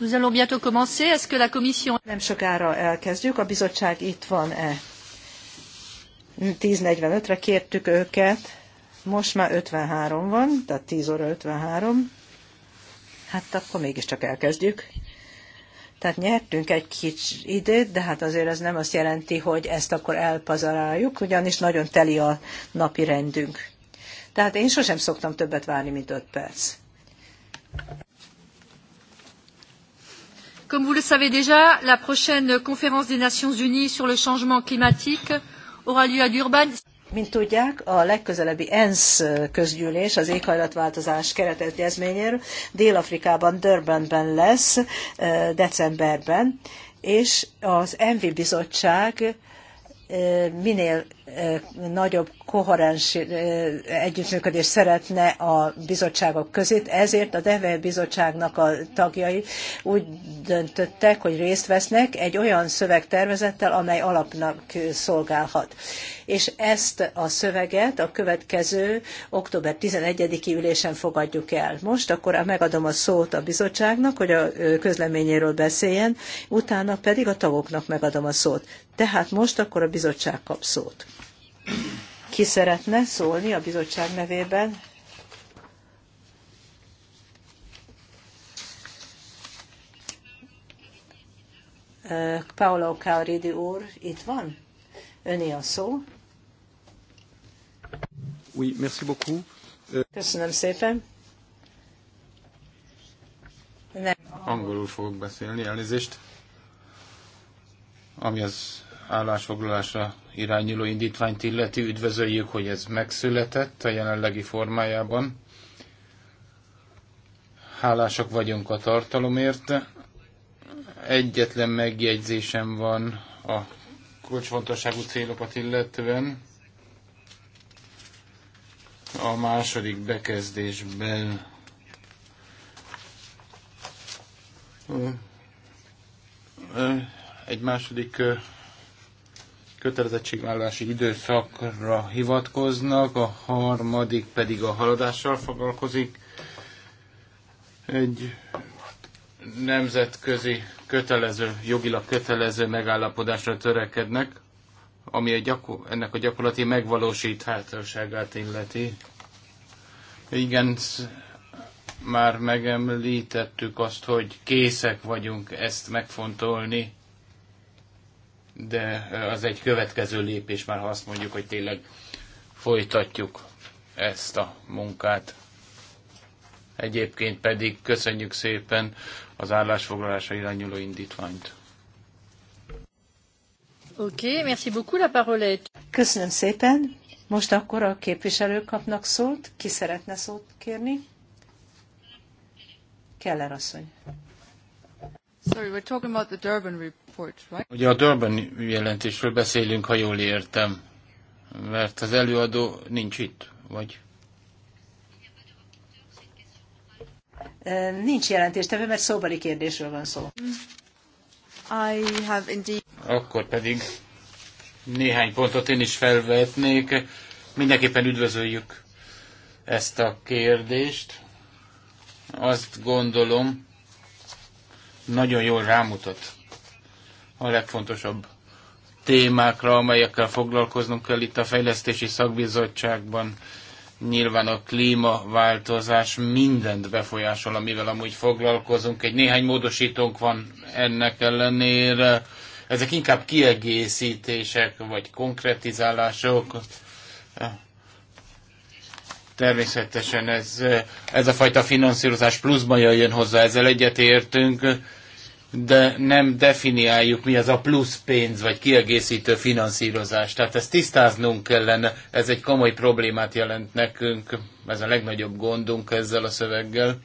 Nous allons bientôt commencer. Est-ce que la commission... Nem sokára elkezdjük. A bizottság itt van-e? 10.45-re kértük őket. Most már 53 van, tehát 10 óra 53. Hát akkor mégiscsak elkezdjük. Tehát nyertünk egy kicsi időt, de hát azért ez nem azt jelenti, hogy ezt akkor elpazaráljuk, ugyanis nagyon teli a napi rendünk. Tehát én sosem szoktam többet várni, mint 5 perc. savez déjà, la prochaine conférence des Nations Unies sur le changement climatique aura lieu à Durban. Mint tudják, a legközelebbi ENSZ közgyűlés az éghajlatváltozás keretegyezményéről Dél-Afrikában, Durbanben lesz eh, decemberben, és az Envi Bizottság eh, minél nagyobb koherens együttműködést szeretne a bizottságok között, ezért a DEVE bizottságnak a tagjai úgy döntöttek, hogy részt vesznek egy olyan szövegtervezettel, amely alapnak szolgálhat. És ezt a szöveget a következő október 11-i ülésen fogadjuk el. Most akkor megadom a szót a bizottságnak, hogy a közleményéről beszéljen, utána pedig a tagoknak megadom a szót. Tehát most akkor a bizottság kap szót. Ki szeretne szólni a bizottság nevében? Paolo Cauridi úr itt van? Öné a szó. Oui, merci beaucoup. Köszönöm szépen. Nem. Angolul fogok beszélni, elnézést. Ami az állásfoglalásra irányuló indítványt illeti, üdvözöljük, hogy ez megszületett a jelenlegi formájában. Hálásak vagyunk a tartalomért. Egyetlen megjegyzésem van a kulcsfontosságú célokat illetően. A második bekezdésben egy második kötelezettségvállalási időszakra hivatkoznak, a harmadik pedig a haladással foglalkozik. Egy nemzetközi kötelező, jogilag kötelező megállapodásra törekednek, ami a gyakor- ennek a gyakorlati megvalósíthatóságát illeti. Igen, már megemlítettük azt, hogy készek vagyunk ezt megfontolni, de az egy következő lépés már, ha azt mondjuk, hogy tényleg folytatjuk ezt a munkát. Egyébként pedig köszönjük szépen az állásfoglalásra irányuló indítványt. Oké, okay, merci beaucoup, la parole est... Köszönöm szépen. Most akkor a képviselők kapnak szót. Ki szeretne szót kérni? Keller asszony. Sorry, we're talking about the Durban report, right? Ugye a Durban jelentésről beszélünk, ha jól értem, mert az előadó nincs itt, vagy? Nincs jelentéstevő, mert szóbeli kérdésről van szó. I have indeed... Akkor pedig néhány pontot én is felvetnék. Mindenképpen üdvözöljük ezt a kérdést. Azt gondolom, nagyon jól rámutat a legfontosabb témákra, amelyekkel foglalkoznunk kell itt a Fejlesztési Szakbizottságban. Nyilván a klímaváltozás mindent befolyásol, amivel amúgy foglalkozunk. Egy néhány módosítónk van ennek ellenére. Ezek inkább kiegészítések, vagy konkretizálások. Természetesen ez, ez a fajta finanszírozás pluszban jön hozzá, ezzel egyetértünk, de nem definiáljuk, mi az a plusz pénz, vagy kiegészítő finanszírozás. Tehát ezt tisztáznunk kellene, ez egy komoly problémát jelent nekünk, ez a legnagyobb gondunk ezzel a szöveggel.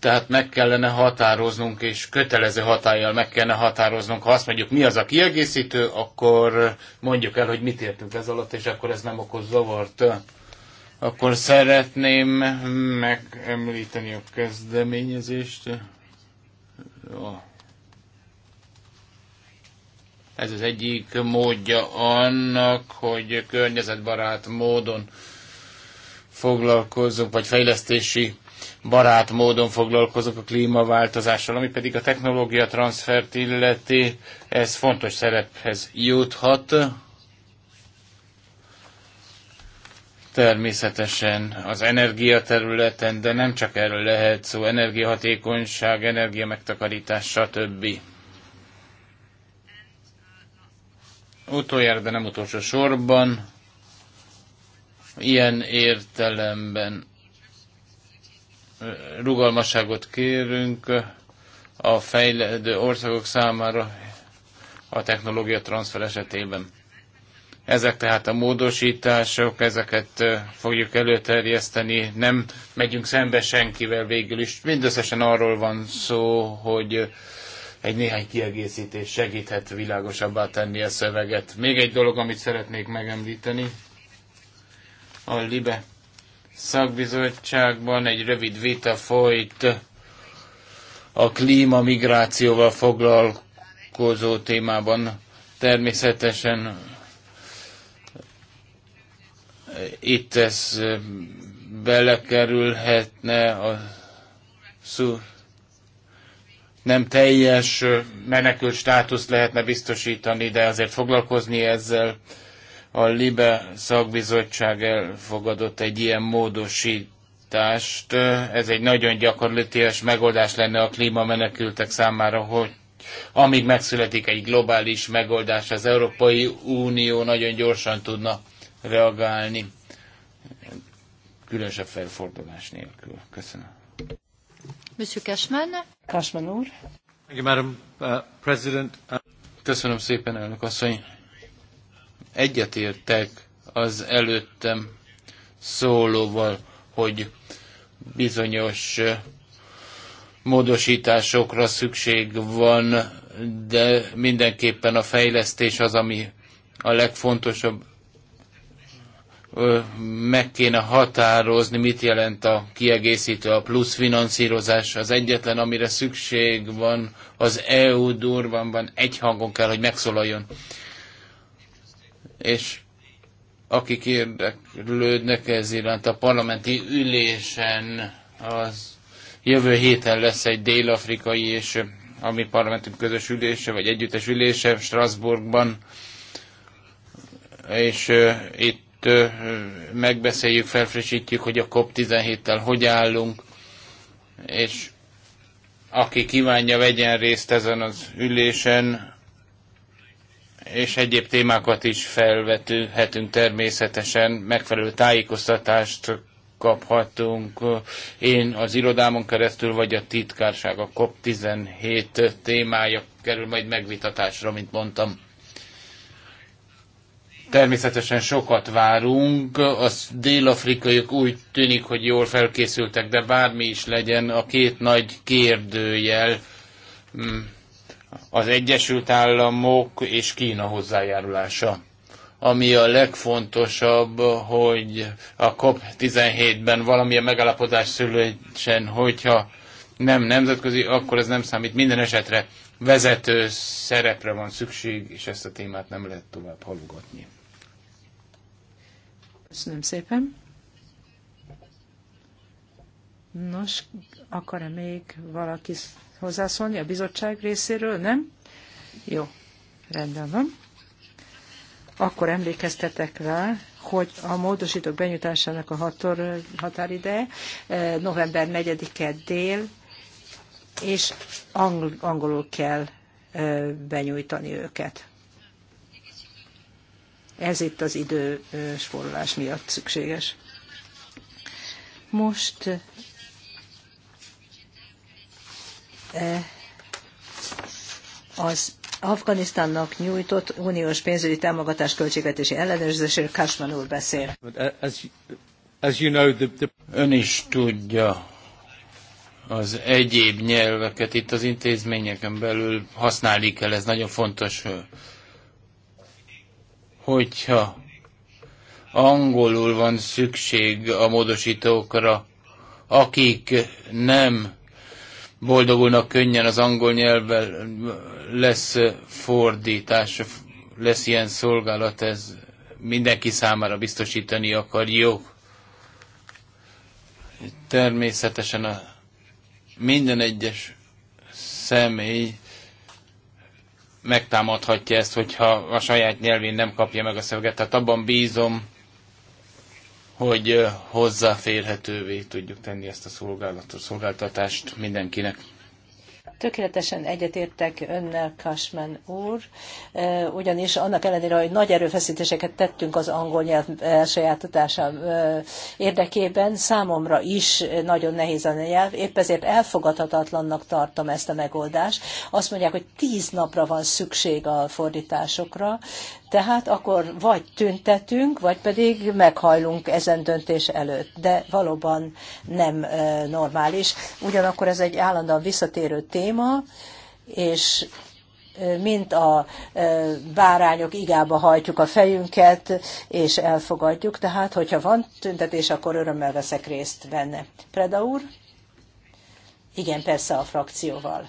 Tehát meg kellene határoznunk, és kötelező hatállyal meg kellene határoznunk, ha azt mondjuk, mi az a kiegészítő, akkor mondjuk el, hogy mit értünk ez alatt, és akkor ez nem okoz zavart akkor szeretném megemlíteni a kezdeményezést. Jó. Ez az egyik módja annak, hogy környezetbarát módon foglalkozunk, vagy fejlesztési barát módon foglalkozunk a klímaváltozással, ami pedig a technológia transfert illeti, ez fontos szerephez juthat természetesen az energia területen, de nem csak erről lehet szó, energiahatékonyság, energia megtakarítás, stb. Utoljára, de nem utolsó sorban, ilyen értelemben rugalmasságot kérünk a fejlődő országok számára a technológia transfer esetében. Ezek tehát a módosítások, ezeket fogjuk előterjeszteni, nem megyünk szembe senkivel végül is. Mindösszesen arról van szó, hogy egy néhány kiegészítés segíthet világosabbá tenni a szöveget. Még egy dolog, amit szeretnék megemlíteni. A LIBE szakbizottságban egy rövid vita folyt a klíma migrációval foglalkozó témában. Természetesen itt ez belekerülhetne a szó nem teljes menekült státuszt lehetne biztosítani, de azért foglalkozni ezzel. A LIBE szakbizottság elfogadott egy ilyen módosítást. Ez egy nagyon gyakorlatilag megoldás lenne a klímamenekültek számára, hogy amíg megszületik egy globális megoldás, az Európai Unió nagyon gyorsan tudna reagálni, különösebb felfordulás nélkül. Köszönöm. Monsieur Cashman. Cashman úr. Madam uh, President. Köszönöm szépen, elnök asszony. Egyetértek az előttem szólóval, hogy bizonyos uh, módosításokra szükség van, de mindenképpen a fejlesztés az, ami a legfontosabb meg kéne határozni, mit jelent a kiegészítő, a plusz finanszírozás. Az egyetlen, amire szükség van, az EU durvanban egy hangon kell, hogy megszólaljon. És akik érdeklődnek ez iránt a parlamenti ülésen, az jövő héten lesz egy dél-afrikai és a mi parlamentünk közös ülése, vagy együttes ülése Strasbourgban, és uh, itt megbeszéljük, felfrissítjük, hogy a COP17-tel hogy állunk, és aki kívánja, vegyen részt ezen az ülésen, és egyéb témákat is felvetőhetünk természetesen, megfelelő tájékoztatást kaphatunk. Én az irodámon keresztül, vagy a titkárság a COP17 témája kerül majd megvitatásra, mint mondtam. Természetesen sokat várunk, az dél-afrikaiak úgy tűnik, hogy jól felkészültek, de bármi is legyen, a két nagy kérdőjel mm, az Egyesült Államok és Kína hozzájárulása. Ami a legfontosabb, hogy a COP17-ben valamilyen megállapodás szülősen, hogyha nem nemzetközi, akkor ez nem számít. Minden esetre vezető szerepre van szükség, és ezt a témát nem lehet tovább halogatni. Köszönöm szépen. Nos, akar-e még valaki hozzászólni a bizottság részéről, nem? Jó, rendben van. Akkor emlékeztetek rá, hogy a módosítók benyújtásának a hator, határideje eh, november 4-e dél, és angol, angolul kell eh, benyújtani őket. Ez itt az idősporolás miatt szükséges. Most az Afganisztánnak nyújtott uniós pénzügyi támogatás költségvetési ellenőrzésére Kasman úr beszél. Uh, Ön is tudja, az egyéb nyelveket itt az intézményeken belül használni kell, ez nagyon fontos hogyha angolul van szükség a módosítókra, akik nem boldogulnak könnyen az angol nyelvvel, lesz fordítás, lesz ilyen szolgálat, ez mindenki számára biztosítani akar, jó Természetesen a minden egyes személy megtámadhatja ezt, hogyha a saját nyelvén nem kapja meg a szöveget. Tehát abban bízom, hogy hozzáférhetővé tudjuk tenni ezt a szolgáltatást mindenkinek. Tökéletesen egyetértek önnel, Kasman úr, e, ugyanis annak ellenére, hogy nagy erőfeszítéseket tettünk az angol nyelv elsajátítása e, érdekében, számomra is nagyon nehéz a nyelv, épp ezért elfogadhatatlannak tartom ezt a megoldást. Azt mondják, hogy tíz napra van szükség a fordításokra, tehát akkor vagy tüntetünk, vagy pedig meghajlunk ezen döntés előtt. De valóban nem normális. Ugyanakkor ez egy állandóan visszatérő téma, és mint a bárányok igába hajtjuk a fejünket, és elfogadjuk. Tehát, hogyha van tüntetés, akkor örömmel veszek részt benne. Preda úr? Igen, persze a frakcióval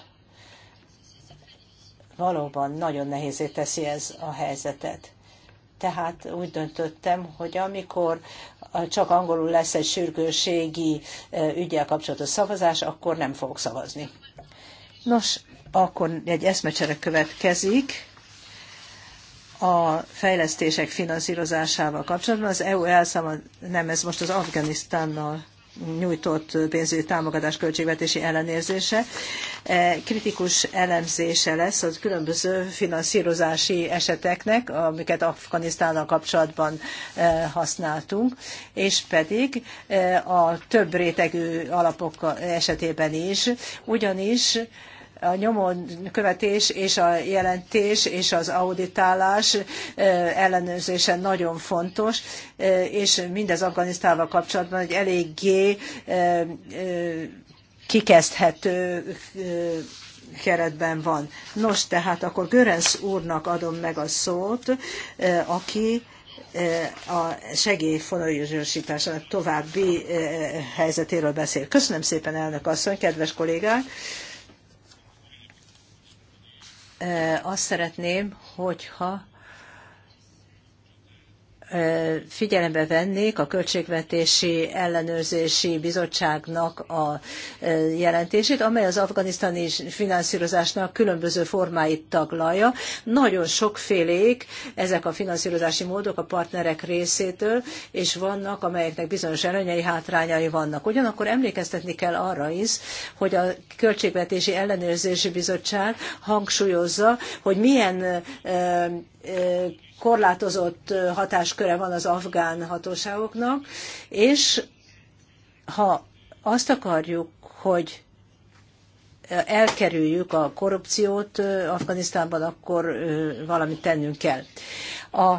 valóban nagyon nehézé teszi ez a helyzetet. Tehát úgy döntöttem, hogy amikor csak angolul lesz egy sürgőségi ügyel kapcsolatos szavazás, akkor nem fogok szavazni. Nos, akkor egy eszmecsere következik a fejlesztések finanszírozásával kapcsolatban. Az EU elszámol, nem ez most az Afganisztánnal nyújtott pénzügyi támogatás költségvetési ellenőrzése e, kritikus elemzése lesz az különböző finanszírozási eseteknek, amiket Afganisztánnal kapcsolatban e, használtunk, és pedig e, a több rétegű alapok esetében is, ugyanis a nyomonkövetés követés és a jelentés és az auditálás ellenőrzése nagyon fontos, és mindez Afganisztával kapcsolatban egy eléggé kikezdhető keretben van. Nos, tehát akkor Görenc úrnak adom meg a szót, aki a segélyfonalózósításának további helyzetéről beszél. Köszönöm szépen, elnök asszony, kedves kollégák! azt szeretném, hogyha figyelembe vennék a Költségvetési Ellenőrzési Bizottságnak a jelentését, amely az afganisztáni finanszírozásnak különböző formáit taglalja. Nagyon sokfélék ezek a finanszírozási módok a partnerek részétől, és vannak, amelyeknek bizonyos előnyei, hátrányai vannak. Ugyanakkor emlékeztetni kell arra is, hogy a Költségvetési Ellenőrzési Bizottság hangsúlyozza, hogy milyen korlátozott hatásköre van az afgán hatóságoknak, és ha azt akarjuk, hogy elkerüljük a korrupciót Afganisztánban, akkor valamit tennünk kell. A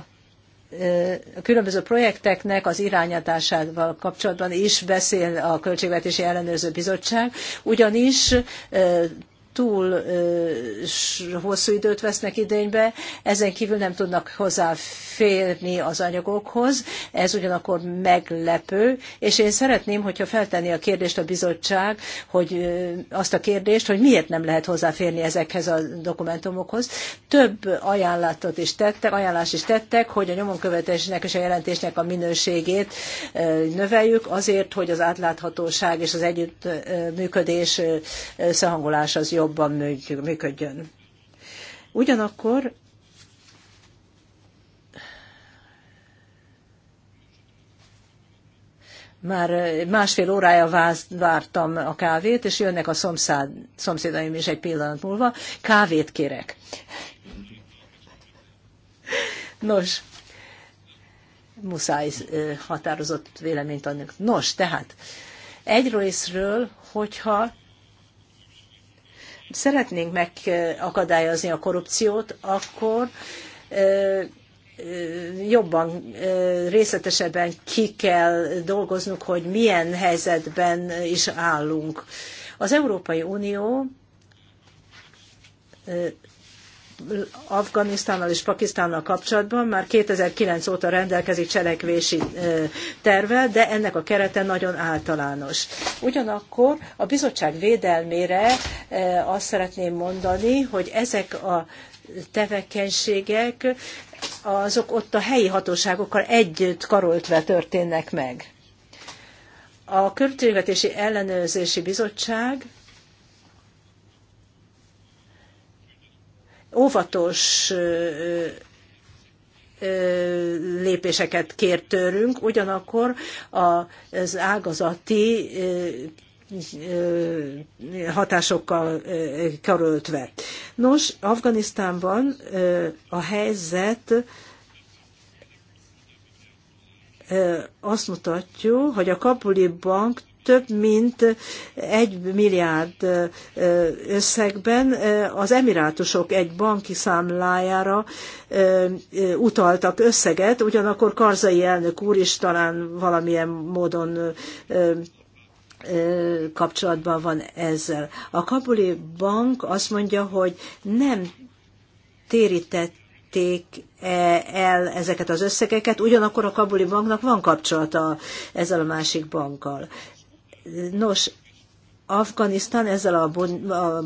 a különböző projekteknek az irányításával kapcsolatban is beszél a Költségvetési Ellenőrző Bizottság, ugyanis túl hosszú időt vesznek idénybe, ezen kívül nem tudnak hozzáférni az anyagokhoz, ez ugyanakkor meglepő, és én szeretném, hogyha feltenni a kérdést a bizottság, hogy azt a kérdést, hogy miért nem lehet hozzáférni ezekhez a dokumentumokhoz. Több ajánlatot is tettek, ajánlást is tettek, hogy a nyomonkövetésnek és a jelentésnek a minőségét növeljük azért, hogy az átláthatóság és az együttműködés összehangolása az jobb jobban működjön. Ugyanakkor már másfél órája vártam a kávét, és jönnek a szomszád, szomszédaim is egy pillanat múlva, kávét kérek. Nos, muszáj határozott véleményt adni. Nos, tehát részről, hogyha szeretnénk megakadályozni a korrupciót, akkor jobban, részletesebben ki kell dolgoznunk, hogy milyen helyzetben is állunk. Az Európai Unió Afganisztánnal és Pakisztánnal kapcsolatban már 2009 óta rendelkezik cselekvési tervvel, de ennek a kerete nagyon általános. Ugyanakkor a bizottság védelmére azt szeretném mondani, hogy ezek a tevékenységek azok ott a helyi hatóságokkal együtt karoltve történnek meg. A Költségvetési Ellenőrzési Bizottság óvatos lépéseket kér tőlünk, ugyanakkor az ágazati hatásokkal karöltve. Nos, Afganisztánban a helyzet azt mutatja, hogy a Kabuli Bank több mint egy milliárd összegben az emirátusok egy banki számlájára utaltak összeget, ugyanakkor Karzai elnök úr is talán valamilyen módon kapcsolatban van ezzel. A Kabuli Bank azt mondja, hogy nem térítették e, el ezeket az összegeket, ugyanakkor a Kabuli Banknak van kapcsolata ezzel a másik bankkal. Nos, Afganisztán ezzel a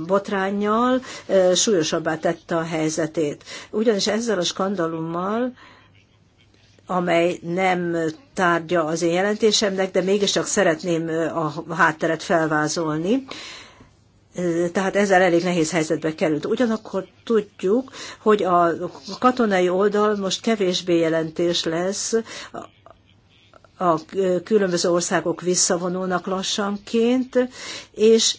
botránnyal súlyosabbá tette a helyzetét. Ugyanis ezzel a skandalummal, amely nem tárgya az én jelentésemnek, de mégiscsak szeretném a hátteret felvázolni, tehát ezzel elég nehéz helyzetbe került. Ugyanakkor tudjuk, hogy a katonai oldal most kevésbé jelentés lesz, a különböző országok visszavonulnak lassanként, és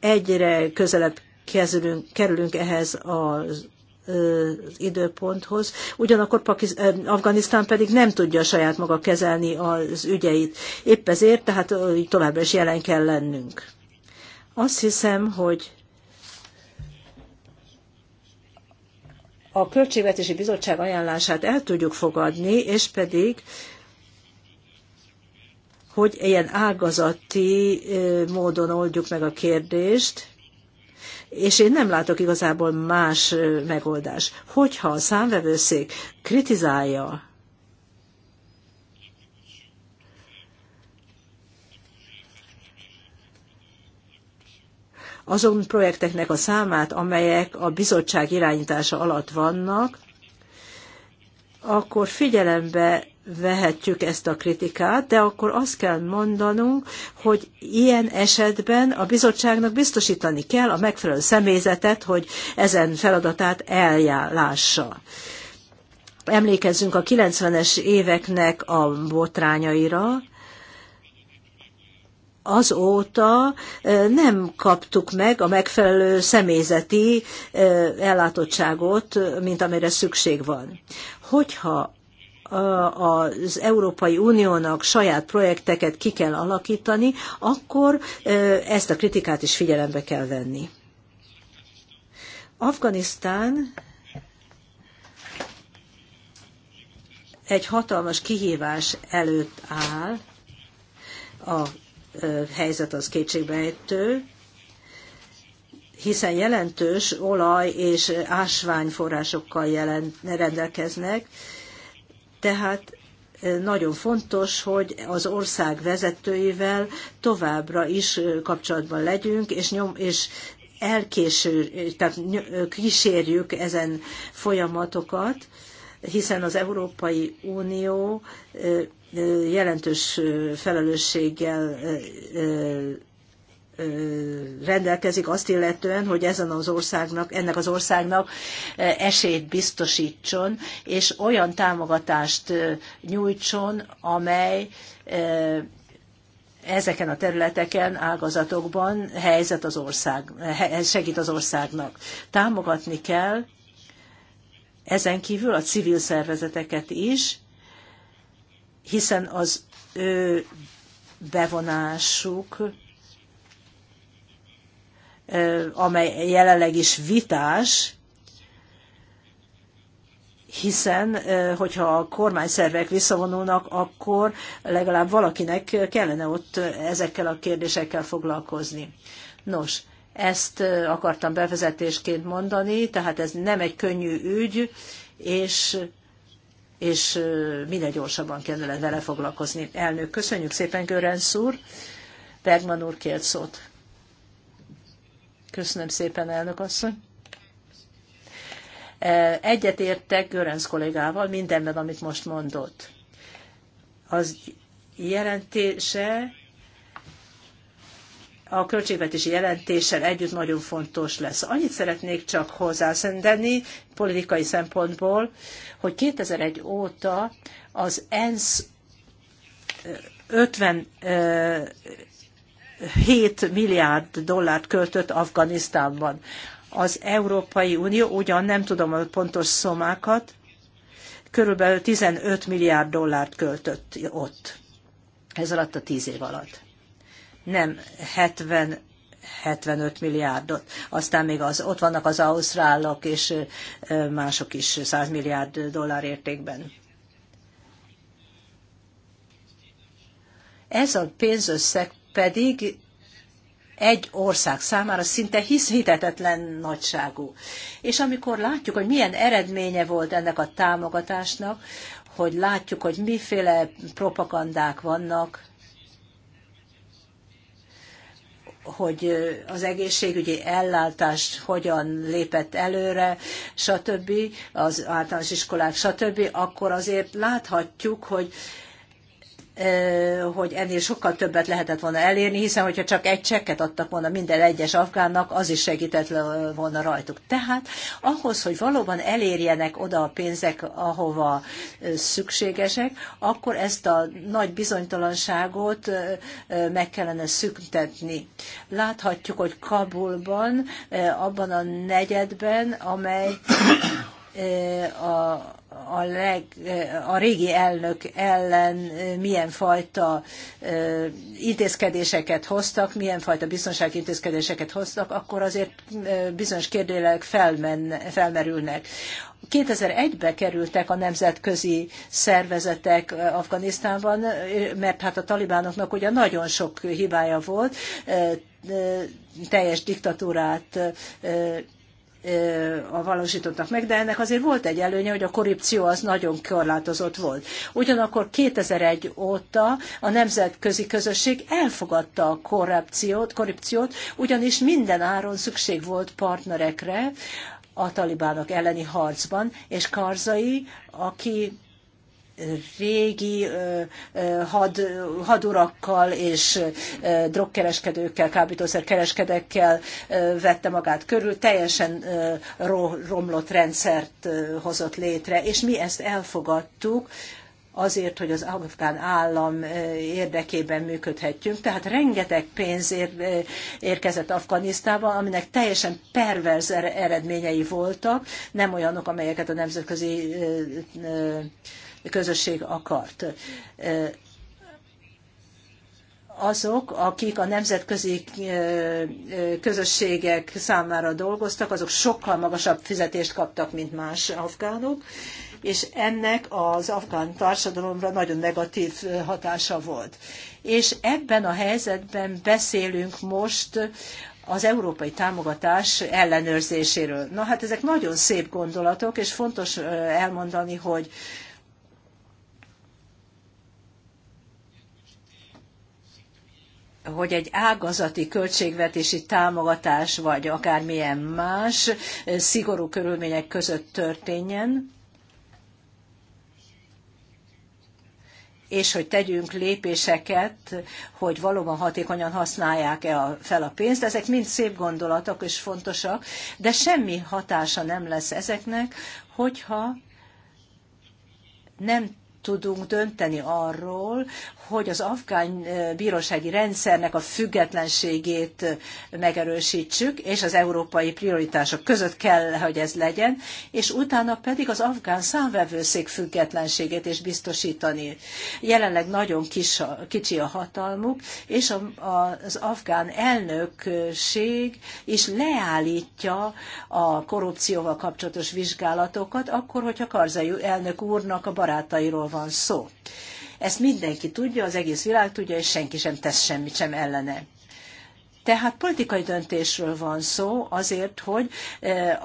egyre közelebb kezülünk, kerülünk ehhez az időponthoz. Ugyanakkor Pakiz- Afganisztán pedig nem tudja saját maga kezelni az ügyeit. Épp ezért, tehát továbbra is jelen kell lennünk. Azt hiszem, hogy a Költségvetési Bizottság ajánlását el tudjuk fogadni, és pedig hogy ilyen ágazati módon oldjuk meg a kérdést, és én nem látok igazából más megoldást. Hogyha a számvevőszék kritizálja azon projekteknek a számát, amelyek a bizottság irányítása alatt vannak, akkor figyelembe vehetjük ezt a kritikát, de akkor azt kell mondanunk, hogy ilyen esetben a bizottságnak biztosítani kell a megfelelő személyzetet, hogy ezen feladatát eljálássa. Emlékezzünk a 90-es éveknek a botrányaira, azóta nem kaptuk meg a megfelelő személyzeti ellátottságot, mint amire szükség van. Hogyha az Európai Uniónak saját projekteket ki kell alakítani, akkor ezt a kritikát is figyelembe kell venni. Afganisztán egy hatalmas kihívás előtt áll, a helyzet az kétségbejtő, hiszen jelentős olaj és ásványforrásokkal jelent, rendelkeznek, tehát nagyon fontos, hogy az ország vezetőivel továbbra is kapcsolatban legyünk, és, nyom, és elkéső, tehát kísérjük ezen folyamatokat, hiszen az Európai Unió jelentős felelősséggel rendelkezik azt illetően, hogy ezen az országnak, ennek az országnak esélyt biztosítson, és olyan támogatást nyújtson, amely ezeken a területeken, ágazatokban helyzet az ország, segít az országnak. Támogatni kell ezen kívül a civil szervezeteket is, hiszen az ő bevonásuk amely jelenleg is vitás, hiszen hogyha a kormányszervek visszavonulnak, akkor legalább valakinek kellene ott ezekkel a kérdésekkel foglalkozni. Nos, ezt akartam bevezetésként mondani, tehát ez nem egy könnyű ügy, és, és minél gyorsabban kellene vele foglalkozni. Elnök, köszönjük szépen, Görenc úr. Bergman úr kért szót. Köszönöm szépen, elnök asszony. E, egyetértek Görenc kollégával mindenben, amit most mondott. Az jelentése a költségvetési jelentéssel együtt nagyon fontos lesz. Annyit szeretnék csak hozzászendeni politikai szempontból, hogy 2001 óta az ENSZ 50 7 milliárd dollárt költött Afganisztánban. Az Európai Unió, ugyan nem tudom a pontos szomákat, körülbelül 15 milliárd dollárt költött ott. Ez alatt a 10 év alatt. Nem 70 75 milliárdot. Aztán még az, ott vannak az ausztrálok és mások is 100 milliárd dollár értékben. Ez a pénzösszeg pedig egy ország számára szinte hihetetlen nagyságú. És amikor látjuk, hogy milyen eredménye volt ennek a támogatásnak, hogy látjuk, hogy miféle propagandák vannak, hogy az egészségügyi ellátást hogyan lépett előre, stb., az általános iskolák, stb., akkor azért láthatjuk, hogy hogy ennél sokkal többet lehetett volna elérni, hiszen hogyha csak egy csekket adtak volna minden egyes afgánnak, az is segített volna rajtuk. Tehát ahhoz, hogy valóban elérjenek oda a pénzek, ahova szükségesek, akkor ezt a nagy bizonytalanságot meg kellene szüntetni. Láthatjuk, hogy Kabulban, abban a negyedben, amely Eh, a, a, leg, eh, a régi elnök ellen eh, milyen fajta intézkedéseket hoztak, milyen fajta biztonsági intézkedéseket hoztak, akkor azért bizonyos kérdélek felmen, felmerülnek. 2001-be kerültek a nemzetközi szervezetek Afganisztánban, mert hát a talibánoknak ugye nagyon sok hibája volt, teljes diktatúrát a valósítottak meg, de ennek azért volt egy előnye, hogy a korrupció az nagyon korlátozott volt. Ugyanakkor 2001 óta a nemzetközi közösség elfogadta a korrupciót, korrupciót ugyanis minden áron szükség volt partnerekre a talibánok elleni harcban, és Karzai, aki régi had, hadurakkal és drogkereskedőkkel, kábítószerkereskedekkel vette magát körül, teljesen romlott rendszert hozott létre, és mi ezt elfogadtuk, azért, hogy az afgán állam érdekében működhetjünk. Tehát rengeteg pénz érkezett Afganisztába, aminek teljesen perverz er, eredményei voltak, nem olyanok, amelyeket a nemzetközi közösség akart azok, akik a nemzetközi közösségek számára dolgoztak, azok sokkal magasabb fizetést kaptak, mint más afgánok, és ennek az afgán társadalomra nagyon negatív hatása volt. És ebben a helyzetben beszélünk most az európai támogatás ellenőrzéséről. Na hát ezek nagyon szép gondolatok, és fontos elmondani, hogy hogy egy ágazati költségvetési támogatás, vagy akármilyen más eh, szigorú körülmények között történjen, és hogy tegyünk lépéseket, hogy valóban hatékonyan használják-e fel a pénzt. Ezek mind szép gondolatok és fontosak, de semmi hatása nem lesz ezeknek, hogyha nem tudunk dönteni arról, hogy az afgán bírósági rendszernek a függetlenségét megerősítsük, és az európai prioritások között kell, hogy ez legyen, és utána pedig az afgán számvevőszék függetlenségét is biztosítani. Jelenleg nagyon kis, kicsi a hatalmuk, és a, a, az afgán elnökség is leállítja a korrupcióval kapcsolatos vizsgálatokat, akkor, hogyha Karzai elnök úrnak a barátairól van szó. Ezt mindenki tudja, az egész világ tudja, és senki sem tesz semmit sem ellene. Tehát politikai döntésről van szó azért, hogy e,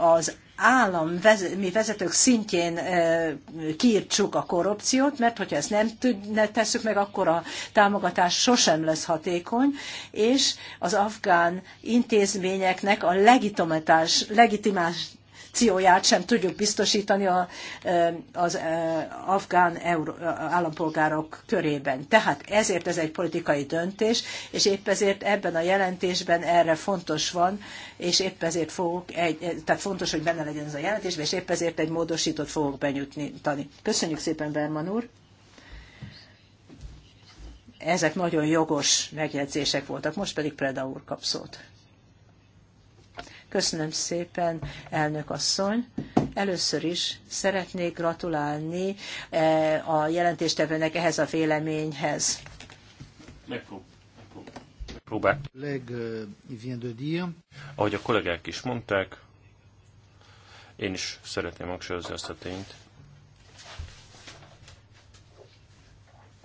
az állam mi vezetők szintjén e, kiírtsuk a korrupciót, mert hogyha ezt nem tesszük meg, akkor a támogatás sosem lesz hatékony, és az afgán intézményeknek a legitimitás, legitimás reakcióját sem tudjuk biztosítani a, az afgán euró, állampolgárok körében. Tehát ezért ez egy politikai döntés, és épp ezért ebben a jelentésben erre fontos van, és épp ezért fogok egy, tehát fontos, hogy benne legyen ez a jelentésben, és épp ezért egy módosítót fogok benyújtani. Köszönjük szépen, Berman úr! Ezek nagyon jogos megjegyzések voltak, most pedig Preda úr kap szót. Köszönöm szépen, elnök asszony. Először is szeretnék gratulálni e, a jelentéstevőnek ehhez a véleményhez. Megpróbál. Ahogy a kollégák is mondták, én is szeretném hangsúlyozni azt a tényt,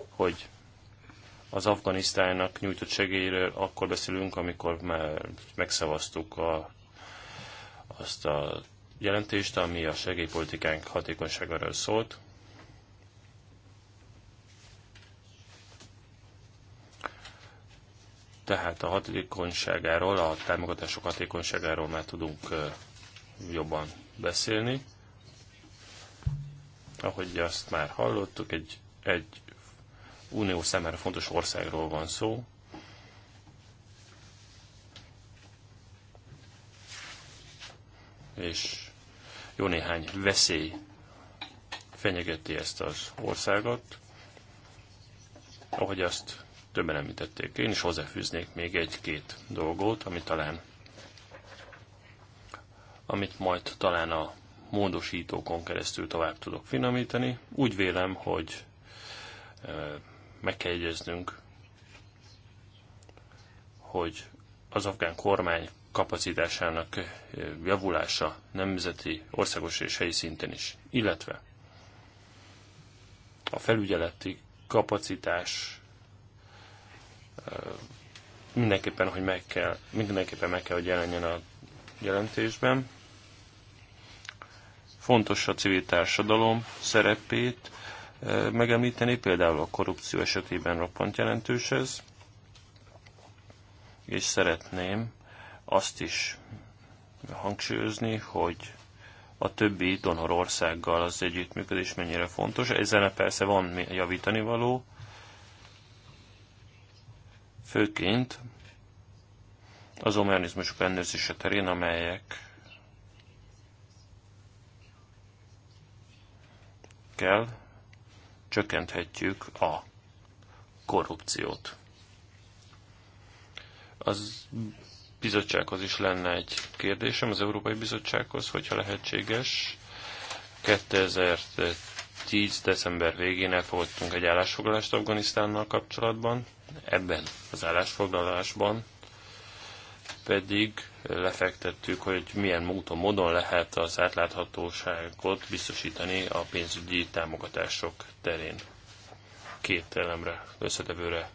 hogy az Afganisztánnak nyújtott segélyről akkor beszélünk, amikor már megszavaztuk a azt a jelentést, ami a segélypolitikánk hatékonyságáról szólt. Tehát a hatékonyságáról, a támogatások hatékonyságáról már tudunk jobban beszélni. Ahogy azt már hallottuk, egy, egy unió számára fontos országról van szó, és jó néhány veszély fenyegeti ezt az országot. Ahogy azt többen említették, én is hozzáfűznék még egy-két dolgot, ami talán amit majd talán a módosítókon keresztül tovább tudok finomítani. Úgy vélem, hogy meg kell jegyeznünk, hogy az afgán kormány kapacitásának javulása nemzeti, országos és helyi szinten is, illetve a felügyeleti kapacitás mindenképpen, hogy meg kell, mindenképpen meg kell, hogy jelenjen a jelentésben. Fontos a civil társadalom szerepét megemlíteni, például a korrupció esetében roppant jelentős ez, és szeretném azt is hangsúlyozni, hogy a többi donor országgal az együttműködés mennyire fontos. Ezen persze van javítani való, főként az mechanizmusok ellenőrzése terén, amelyek kell csökkenthetjük a korrupciót. Az bizottsághoz is lenne egy kérdésem, az Európai Bizottsághoz, hogyha lehetséges. 2010. december végén elfogadtunk egy állásfoglalást Afganisztánnal kapcsolatban. Ebben az állásfoglalásban pedig lefektettük, hogy milyen módon, módon lehet az átláthatóságot biztosítani a pénzügyi támogatások terén. Két elemre, összetevőre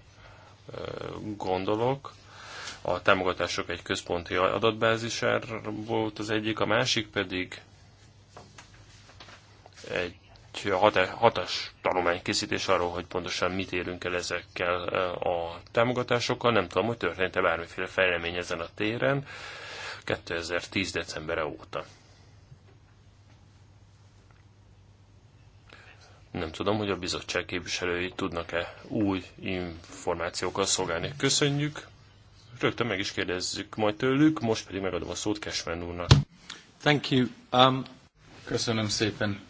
gondolok a támogatások egy központi adatbázisár volt az egyik, a másik pedig egy hatás tanulmány készítés arról, hogy pontosan mit érünk el ezekkel eh, a támogatásokkal. Nem tudom, hogy történt-e bármiféle fejlemény ezen a téren 2010. decembere óta. Nem tudom, hogy a bizottság képviselői tudnak-e új információkkal szolgálni. Köszönjük! Rögtön meg is kérdezzük majd tőlük, most pedig megadom a szót Cashman úrnak. Thank you. Um, köszönöm szépen.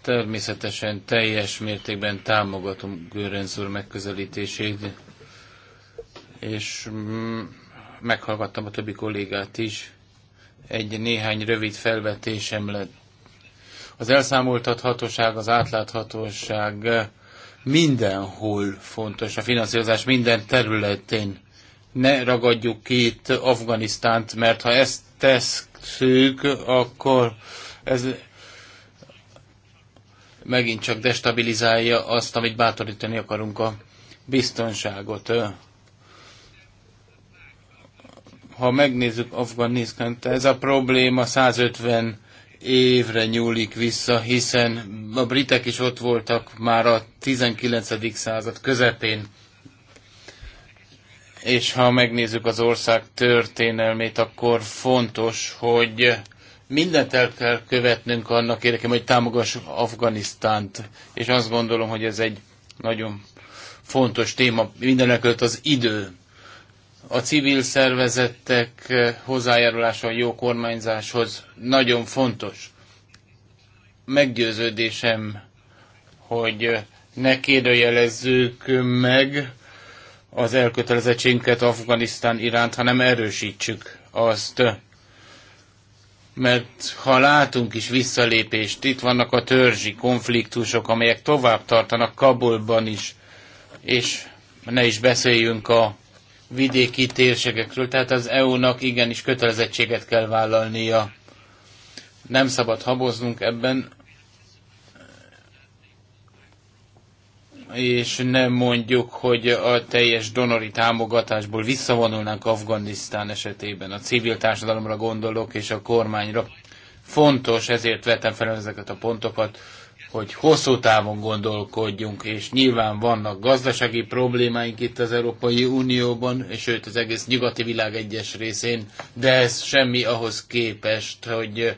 Természetesen teljes mértékben támogatom Görenz úr megközelítését, és mm, meghallgattam a többi kollégát is. Egy néhány rövid felvetésem lett. Az elszámoltathatóság, az átláthatóság mindenhol fontos a finanszírozás minden területén. Ne ragadjuk ki itt Afganisztánt, mert ha ezt tesszük, akkor ez megint csak destabilizálja azt, amit bátorítani akarunk a biztonságot. Ha megnézzük Afganisztánt, ez a probléma 150 évre nyúlik vissza, hiszen a britek is ott voltak már a 19. század közepén. És ha megnézzük az ország történelmét, akkor fontos, hogy mindent el kell követnünk annak érdekében, hogy támogassuk Afganisztánt. És azt gondolom, hogy ez egy nagyon fontos téma, Mindenekölt az idő a civil szervezetek eh, hozzájárulása a jó kormányzáshoz nagyon fontos. Meggyőződésem, hogy eh, ne kérdőjelezzük meg az elkötelezettségünket Afganisztán iránt, hanem erősítsük azt. Mert ha látunk is visszalépést, itt vannak a törzsi konfliktusok, amelyek tovább tartanak Kabulban is, és ne is beszéljünk a vidéki térségekről, tehát az EU-nak igenis kötelezettséget kell vállalnia. Nem szabad haboznunk ebben, és nem mondjuk, hogy a teljes donori támogatásból visszavonulnánk Afganisztán esetében. A civil társadalomra gondolok, és a kormányra. Fontos, ezért vettem fel ezeket a pontokat hogy hosszú távon gondolkodjunk, és nyilván vannak gazdasági problémáink itt az Európai Unióban, és sőt az egész nyugati világ egyes részén, de ez semmi ahhoz képest, hogy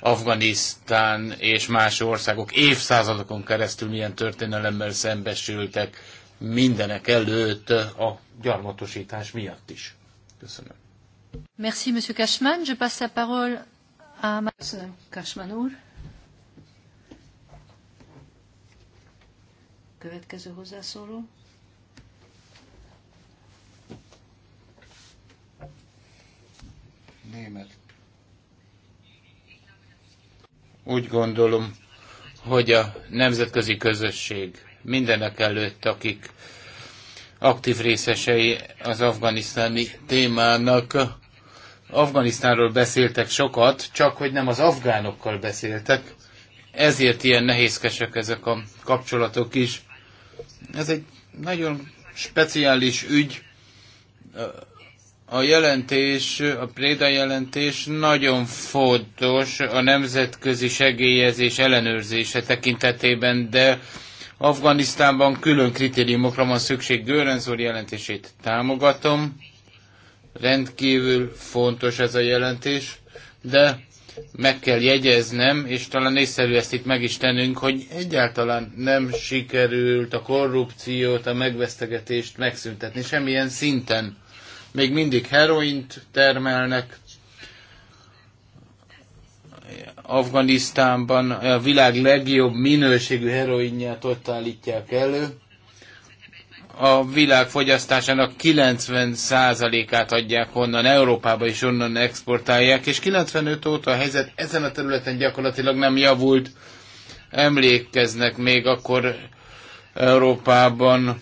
Afganisztán és más országok évszázadokon keresztül milyen történelemmel szembesültek mindenek előtt a gyarmatosítás miatt is. Köszönöm. Merci, Monsieur Cashman. Je passe la parole à... Monsieur Cashman úr. Következő hozzászóló. Német. Úgy gondolom, hogy a nemzetközi közösség mindenek előtt, akik aktív részesei az afganisztáni témának, Afganisztánról beszéltek sokat, csak hogy nem az afgánokkal beszéltek, ezért ilyen nehézkesek ezek a kapcsolatok is. Ez egy nagyon speciális ügy. A jelentés, a Préda jelentés nagyon fontos a nemzetközi segélyezés ellenőrzése tekintetében, de Afganisztánban külön kritériumokra van szükség. Görenzor jelentését támogatom. Rendkívül fontos ez a jelentés, de meg kell jegyeznem, és talán észszerű ezt itt meg is tennünk, hogy egyáltalán nem sikerült a korrupciót, a megvesztegetést megszüntetni semmilyen szinten. Még mindig heroint termelnek, Afganisztánban a világ legjobb minőségű heroinját ott állítják elő, a világ fogyasztásának 90%-át adják honnan, Európába is onnan exportálják, és 95 óta a helyzet ezen a területen gyakorlatilag nem javult. Emlékeznek még akkor Európában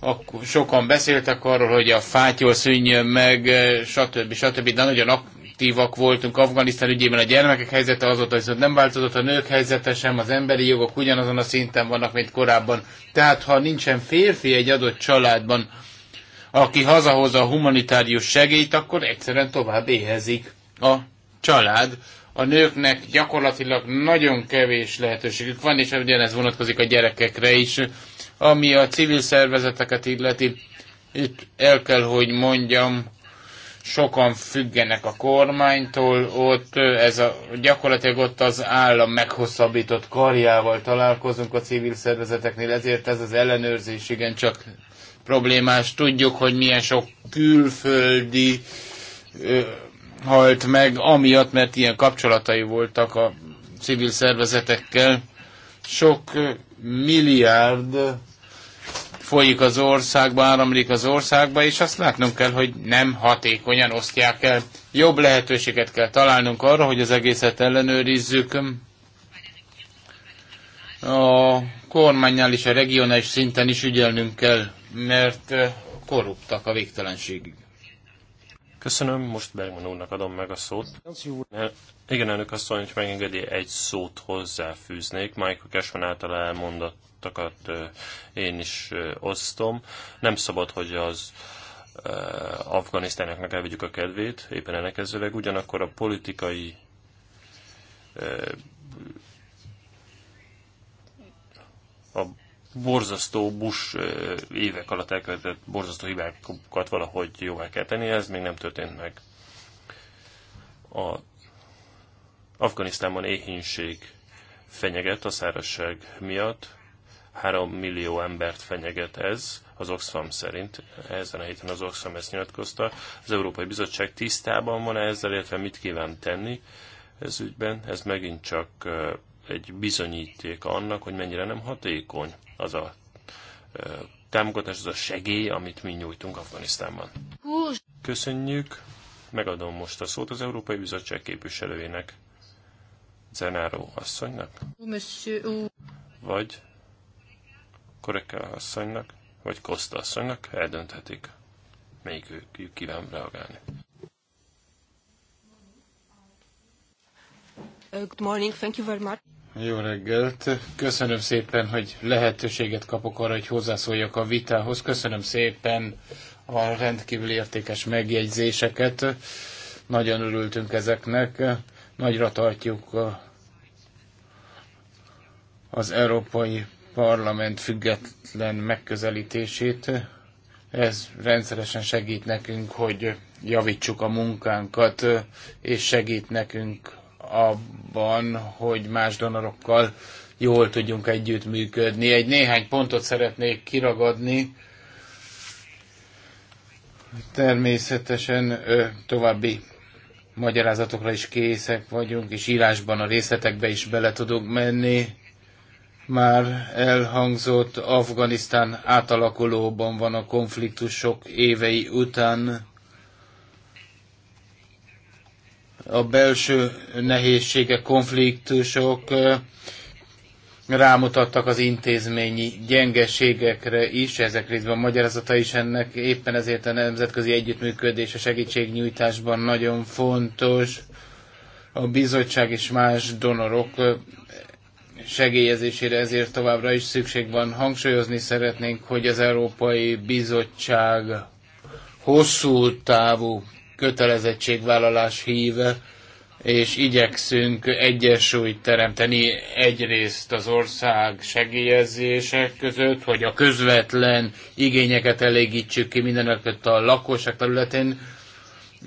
akkor sokan beszéltek arról, hogy a fátyol szűnjön meg, stb. stb. De nagyon aktívak voltunk Afganisztán ügyében, a gyermekek helyzete azóta viszont nem változott, a nők helyzete sem, az emberi jogok ugyanazon a szinten vannak, mint korábban. Tehát ha nincsen férfi egy adott családban, aki hazahozza a humanitárius segélyt, akkor egyszerűen tovább éhezik a család. A nőknek gyakorlatilag nagyon kevés lehetőségük van, és ugyanez vonatkozik a gyerekekre is. Ami a civil szervezeteket illeti, itt el kell, hogy mondjam, sokan függenek a kormánytól, ott ez a, gyakorlatilag ott az állam meghosszabbított karjával találkozunk a civil szervezeteknél, ezért ez az ellenőrzés csak problémás. Tudjuk, hogy milyen sok külföldi ö, halt meg, amiatt, mert ilyen kapcsolatai voltak a civil szervezetekkel. Sok milliárd folyik az országba, áramlik az országba, és azt látnunk kell, hogy nem hatékonyan osztják el. Jobb lehetőséget kell találnunk arra, hogy az egészet ellenőrizzük. A kormányjal és a regionális szinten is ügyelnünk kell, mert eh, korruptak a végtelenségig. Köszönöm, most Bergman úrnak adom meg a szót. Igen, elnök asszony, hogy megengedi, egy szót hozzáfűznék. Michael Cashman által elmondott elhangzottakat én is osztom. Nem szabad, hogy az afganisztánoknak elvegyük a kedvét, éppen ellenkezőleg, ugyanakkor a politikai a borzasztó Bush évek alatt elkövetett borzasztó hibákat valahogy jóvá kell tenni, ez még nem történt meg. A Afganisztánban éhínség fenyeget a szárazság miatt, 3 millió embert fenyeget ez, az Oxfam szerint, ezen a héten az Oxfam ezt nyilatkozta. Az Európai Bizottság tisztában van -e ezzel, illetve mit kíván tenni ez ügyben? Ez megint csak egy bizonyíték annak, hogy mennyire nem hatékony az a támogatás, az a segély, amit mi nyújtunk Afganisztánban. Köszönjük! Megadom most a szót az Európai Bizottság képviselőjének, Zenáró asszonynak. Vagy Koreke asszonynak, vagy Koszta asszonynak eldönthetik, melyik ők kíván reagálni. Uh, good morning, thank you very much. Jó reggelt! Köszönöm szépen, hogy lehetőséget kapok arra, hogy hozzászóljak a vitához. Köszönöm szépen a rendkívül értékes megjegyzéseket. Nagyon örültünk ezeknek. Nagyra tartjuk az Európai Parlament független megközelítését. Ez rendszeresen segít nekünk, hogy javítsuk a munkánkat, és segít nekünk abban, hogy más donorokkal jól tudjunk együttműködni. Egy néhány pontot szeretnék kiragadni. Természetesen további magyarázatokra is készek vagyunk, és írásban a részletekbe is bele tudunk menni már elhangzott, Afganisztán átalakulóban van a konfliktusok évei után. A belső nehézségek, konfliktusok eh, rámutattak az intézményi gyengeségekre is, ezek részben magyarázata is ennek, éppen ezért a nemzetközi együttműködés a segítségnyújtásban nagyon fontos. A bizottság és más donorok eh, segélyezésére ezért továbbra is szükség van. Hangsúlyozni szeretnénk, hogy az Európai Bizottság hosszú távú kötelezettségvállalás híve, és igyekszünk egyensúlyt teremteni egyrészt az ország segélyezések között, hogy a közvetlen igényeket elégítsük ki mindenek a lakosság területén,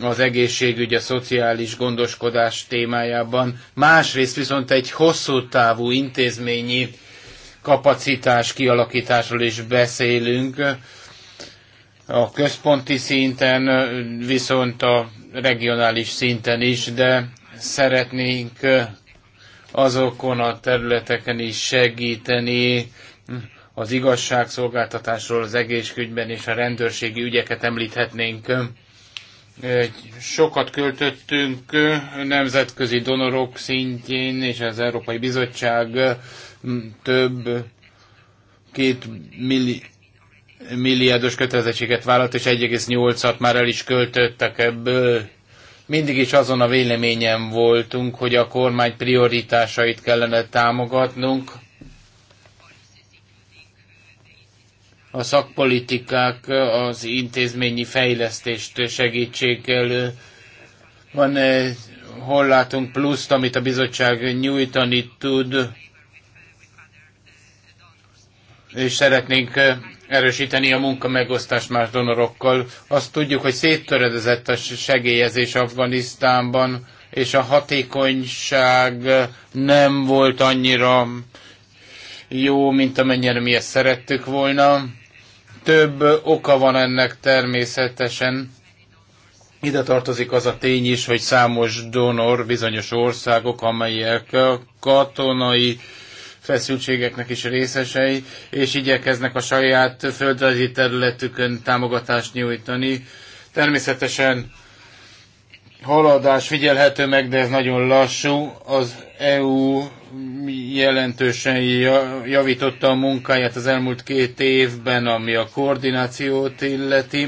az egészségügy, a szociális gondoskodás témájában. Másrészt viszont egy hosszú távú intézményi kapacitás kialakításról is beszélünk. A központi szinten, viszont a regionális szinten is, de szeretnénk azokon a területeken is segíteni, az igazságszolgáltatásról, az egészségügyben és a rendőrségi ügyeket említhetnénk. Sokat költöttünk nemzetközi donorok szintjén, és az Európai Bizottság mm, több két milli, milliárdos kötelezettséget vállalt, és 1,8-at már el is költöttek ebből. Mindig is azon a véleményen voltunk, hogy a kormány prioritásait kellene támogatnunk, a szakpolitikák az intézményi fejlesztést segítsék elő. Van egy, hol látunk pluszt, amit a bizottság nyújtani tud, és szeretnénk eh, erősíteni a munkamegosztást más donorokkal. Azt tudjuk, hogy széttöredezett a segélyezés Afganisztánban, és a hatékonyság nem volt annyira jó, mint amennyire mi ezt szerettük volna. Több oka van ennek természetesen. Ide tartozik az a tény is, hogy számos donor bizonyos országok, amelyek a katonai feszültségeknek is részesei, és igyekeznek a saját földrajzi területükön támogatást nyújtani. Természetesen haladás figyelhető meg, de ez nagyon lassú. Az EU jelentősen javította a munkáját az elmúlt két évben, ami a koordinációt illeti.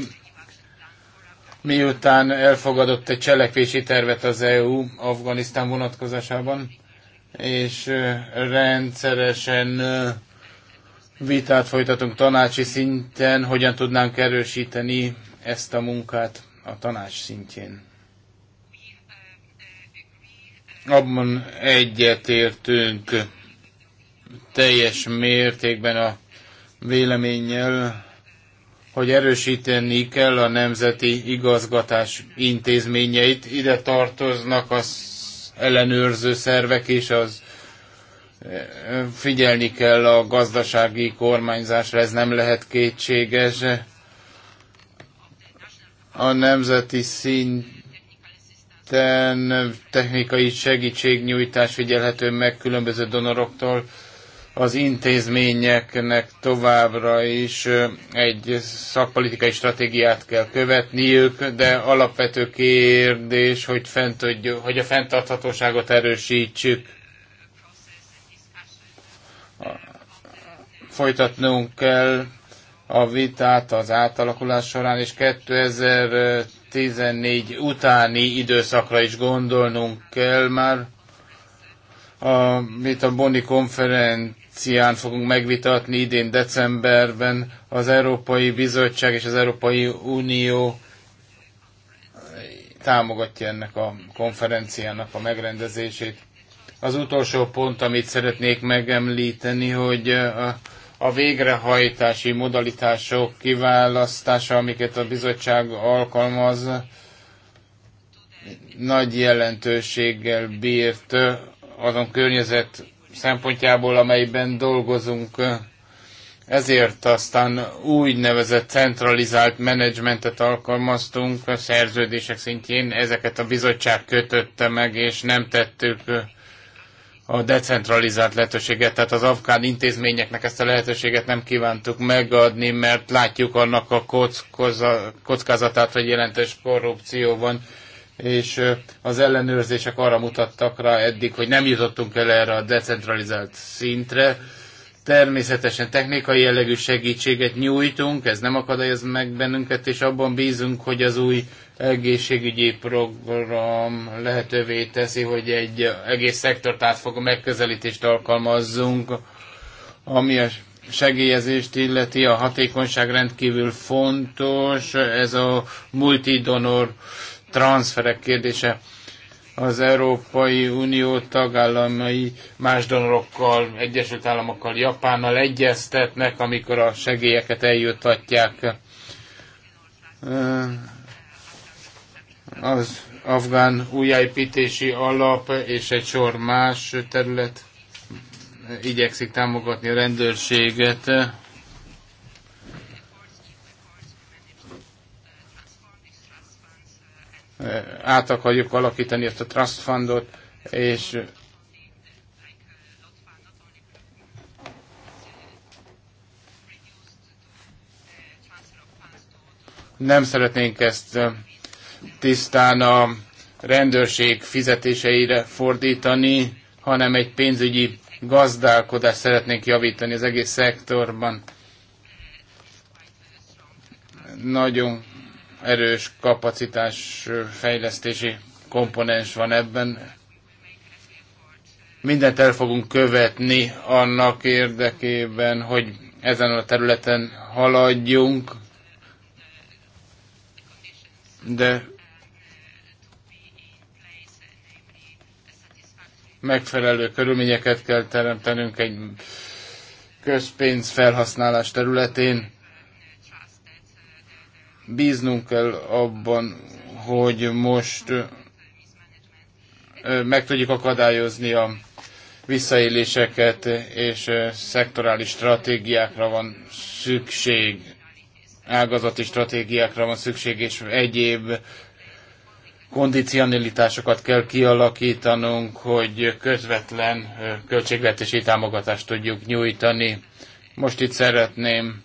Miután elfogadott egy cselekvési tervet az EU Afganisztán vonatkozásában, és rendszeresen vitát folytatunk tanácsi szinten, hogyan tudnánk erősíteni ezt a munkát a tanács szintjén abban egyetértünk teljes mértékben a véleménnyel, hogy erősíteni kell a nemzeti igazgatás intézményeit. Ide tartoznak az ellenőrző szervek és az e, figyelni kell a gazdasági kormányzásra, ez nem lehet kétséges. A nemzeti szint területen technikai segítségnyújtás figyelhető meg különböző donoroktól, az intézményeknek továbbra is egy szakpolitikai stratégiát kell követniük, de alapvető kérdés, hogy, fent, hogy a fenntarthatóságot erősítsük. Folytatnunk kell a vitát az átalakulás során, és 2000 2014 utáni időszakra is gondolnunk kell már, Mit a Boni konferencián fogunk megvitatni idén decemberben, az Európai Bizottság és az Európai Unió támogatja ennek a konferenciának a megrendezését. Az utolsó pont, amit szeretnék megemlíteni, hogy a a végrehajtási modalitások kiválasztása, amiket a bizottság alkalmaz, nagy jelentőséggel bírt azon környezet szempontjából, amelyben dolgozunk. Ezért aztán úgynevezett centralizált menedzsmentet alkalmaztunk a szerződések szintjén. Ezeket a bizottság kötötte meg, és nem tettük a decentralizált lehetőséget, tehát az afgán intézményeknek ezt a lehetőséget nem kívántuk megadni, mert látjuk annak a kockázatát, hogy jelentős korrupció van, és az ellenőrzések arra mutattak rá eddig, hogy nem jutottunk el erre a decentralizált szintre, Természetesen technikai jellegű segítséget nyújtunk, ez nem akadályoz meg bennünket, és abban bízunk, hogy az új egészségügyi program lehetővé teszi, hogy egy egész szektort átfogó megközelítést alkalmazzunk, ami a segélyezést illeti, a hatékonyság rendkívül fontos, ez a multidonor transferek kérdése az Európai Unió tagállamai más donorokkal, Egyesült Államokkal, Japánnal egyeztetnek, amikor a segélyeket eljutatják az afgán újjáépítési alap és egy sor más terület igyekszik támogatni a rendőrséget Eh, át akarjuk alakítani ezt a trust fundot, és eh, nem szeretnénk ezt eh, tisztán a rendőrség fizetéseire fordítani, hanem egy pénzügyi gazdálkodást szeretnénk javítani az egész szektorban. Nagyon erős kapacitás fejlesztési komponens van ebben. Mindent el fogunk követni annak érdekében, hogy ezen a területen haladjunk, de megfelelő körülményeket kell teremtenünk egy közpénz felhasználás területén Bíznunk kell abban, hogy most meg tudjuk akadályozni a visszaéléseket, és szektorális stratégiákra van szükség, ágazati stratégiákra van szükség, és egyéb kondicionalitásokat kell kialakítanunk, hogy közvetlen költségvetési támogatást tudjuk nyújtani. Most itt szeretném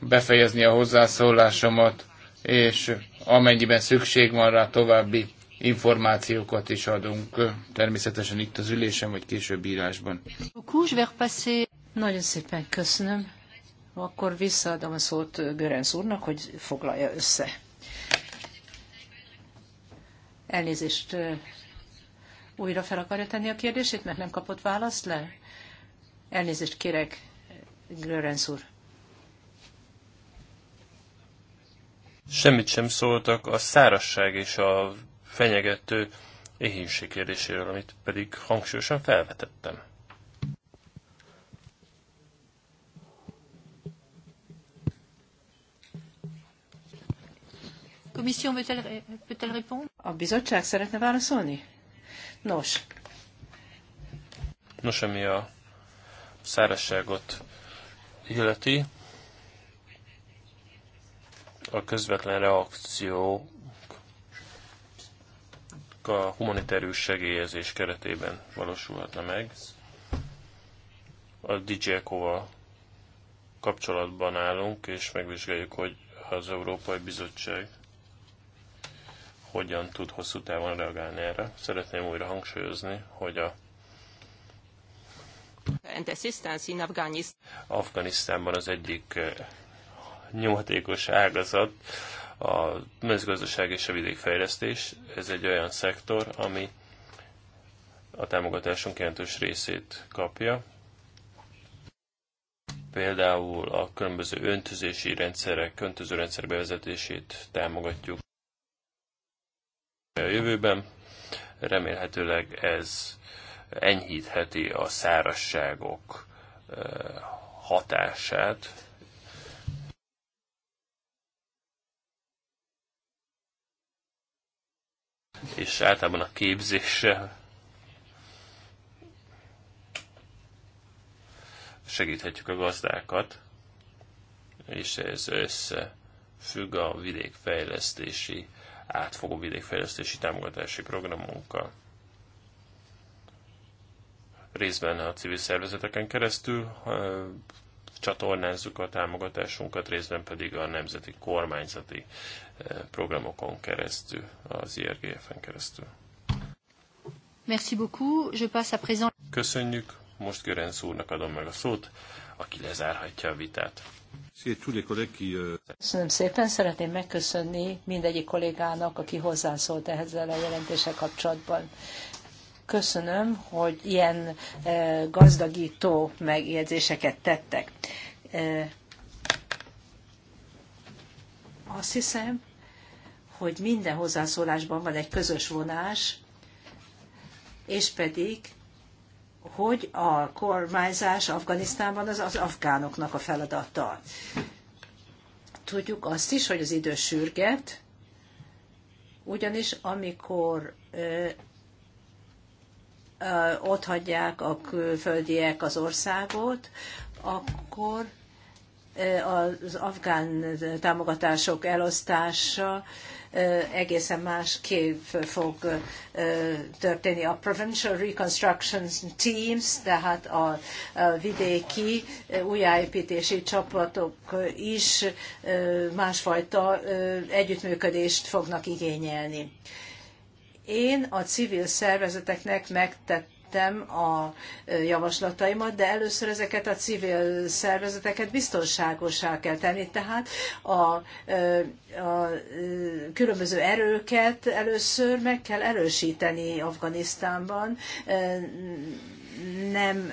befejezni a hozzászólásomat és amennyiben szükség van rá, további információkat is adunk, természetesen itt az ülésen, vagy később írásban. Nagyon szépen köszönöm. Akkor visszaadom a szót Görenc úrnak, hogy foglalja össze. Elnézést, újra fel akarja tenni a kérdését, mert nem kapott választ le? Elnézést kérek, Görenc úr. semmit sem szóltak a szárasság és a fenyegető éhínség kérdéséről, amit pedig hangsúlyosan felvetettem. A bizottság szeretne válaszolni? Nos. Nos, ami a szárasságot illeti, a közvetlen reakció a humanitárius segélyezés keretében valósulhatna meg. A DJ kapcsolatban állunk, és megvizsgáljuk, hogy az Európai Bizottság hogyan tud hosszú távon reagálni erre. Szeretném újra hangsúlyozni, hogy a and assistance in Afghanistan. Afganisztánban az egyik eh, nyomatékos ágazat a mezőgazdaság és a vidékfejlesztés. Ez egy olyan szektor, ami a támogatásunk jelentős részét kapja. Például a különböző öntözési rendszerek, öntözőrendszer bevezetését támogatjuk a jövőben. Remélhetőleg ez enyhítheti a szárasságok eh, hatását, és általában a képzéssel segíthetjük a gazdákat, és ez összefügg a vidékfejlesztési, átfogó vidékfejlesztési támogatási programunkkal. Részben a civil szervezeteken keresztül csatornázzuk a támogatásunkat, részben pedig a nemzeti kormányzati eh, programokon keresztül, az IRGF-en keresztül. Merci beaucoup. Je passe à présent... Köszönjük. Most Görenc úrnak adom meg a szót, aki lezárhatja a vitát. Euh, Köszönöm szépen, szeretném megköszönni mindegyik kollégának, aki hozzászólt ehhez a jelentése kapcsolatban köszönöm, hogy ilyen eh, gazdagító megjegyzéseket tettek. Eh, azt hiszem, hogy minden hozzászólásban van egy közös vonás, és pedig, hogy a kormányzás Afganisztánban az, az afgánoknak a feladata. Tudjuk azt is, hogy az idő sürget, ugyanis amikor eh, ott hagyják a külföldiek az országot, akkor az afgán támogatások elosztása egészen más kép fog történni. A Provincial Reconstruction Teams, tehát a vidéki újjáépítési csapatok is másfajta együttműködést fognak igényelni. Én a civil szervezeteknek megtettem a javaslataimat, de először ezeket a civil szervezeteket biztonságosá kell tenni. Tehát a, a, a különböző erőket először meg kell erősíteni Afganisztánban. Nem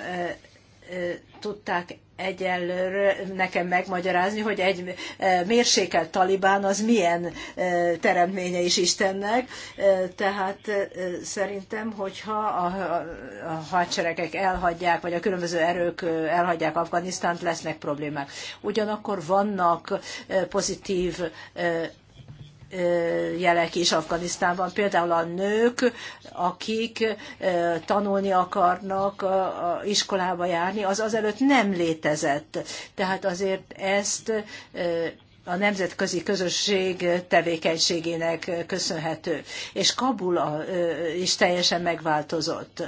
tudták egyenlőre nekem megmagyarázni, hogy egy e, mérsékelt talibán az milyen e, teremtménye is Istennek. E, tehát szerintem, hogyha a hadseregek elhagyják, vagy a különböző erők elhagyják Afganisztánt, lesznek problémák. Ugyanakkor vannak pozitív jelek is Afganisztánban, például a nők, akik tanulni akarnak, iskolába járni, az azelőtt nem létezett. Tehát azért ezt a nemzetközi közösség tevékenységének köszönhető. És Kabul is teljesen megváltozott.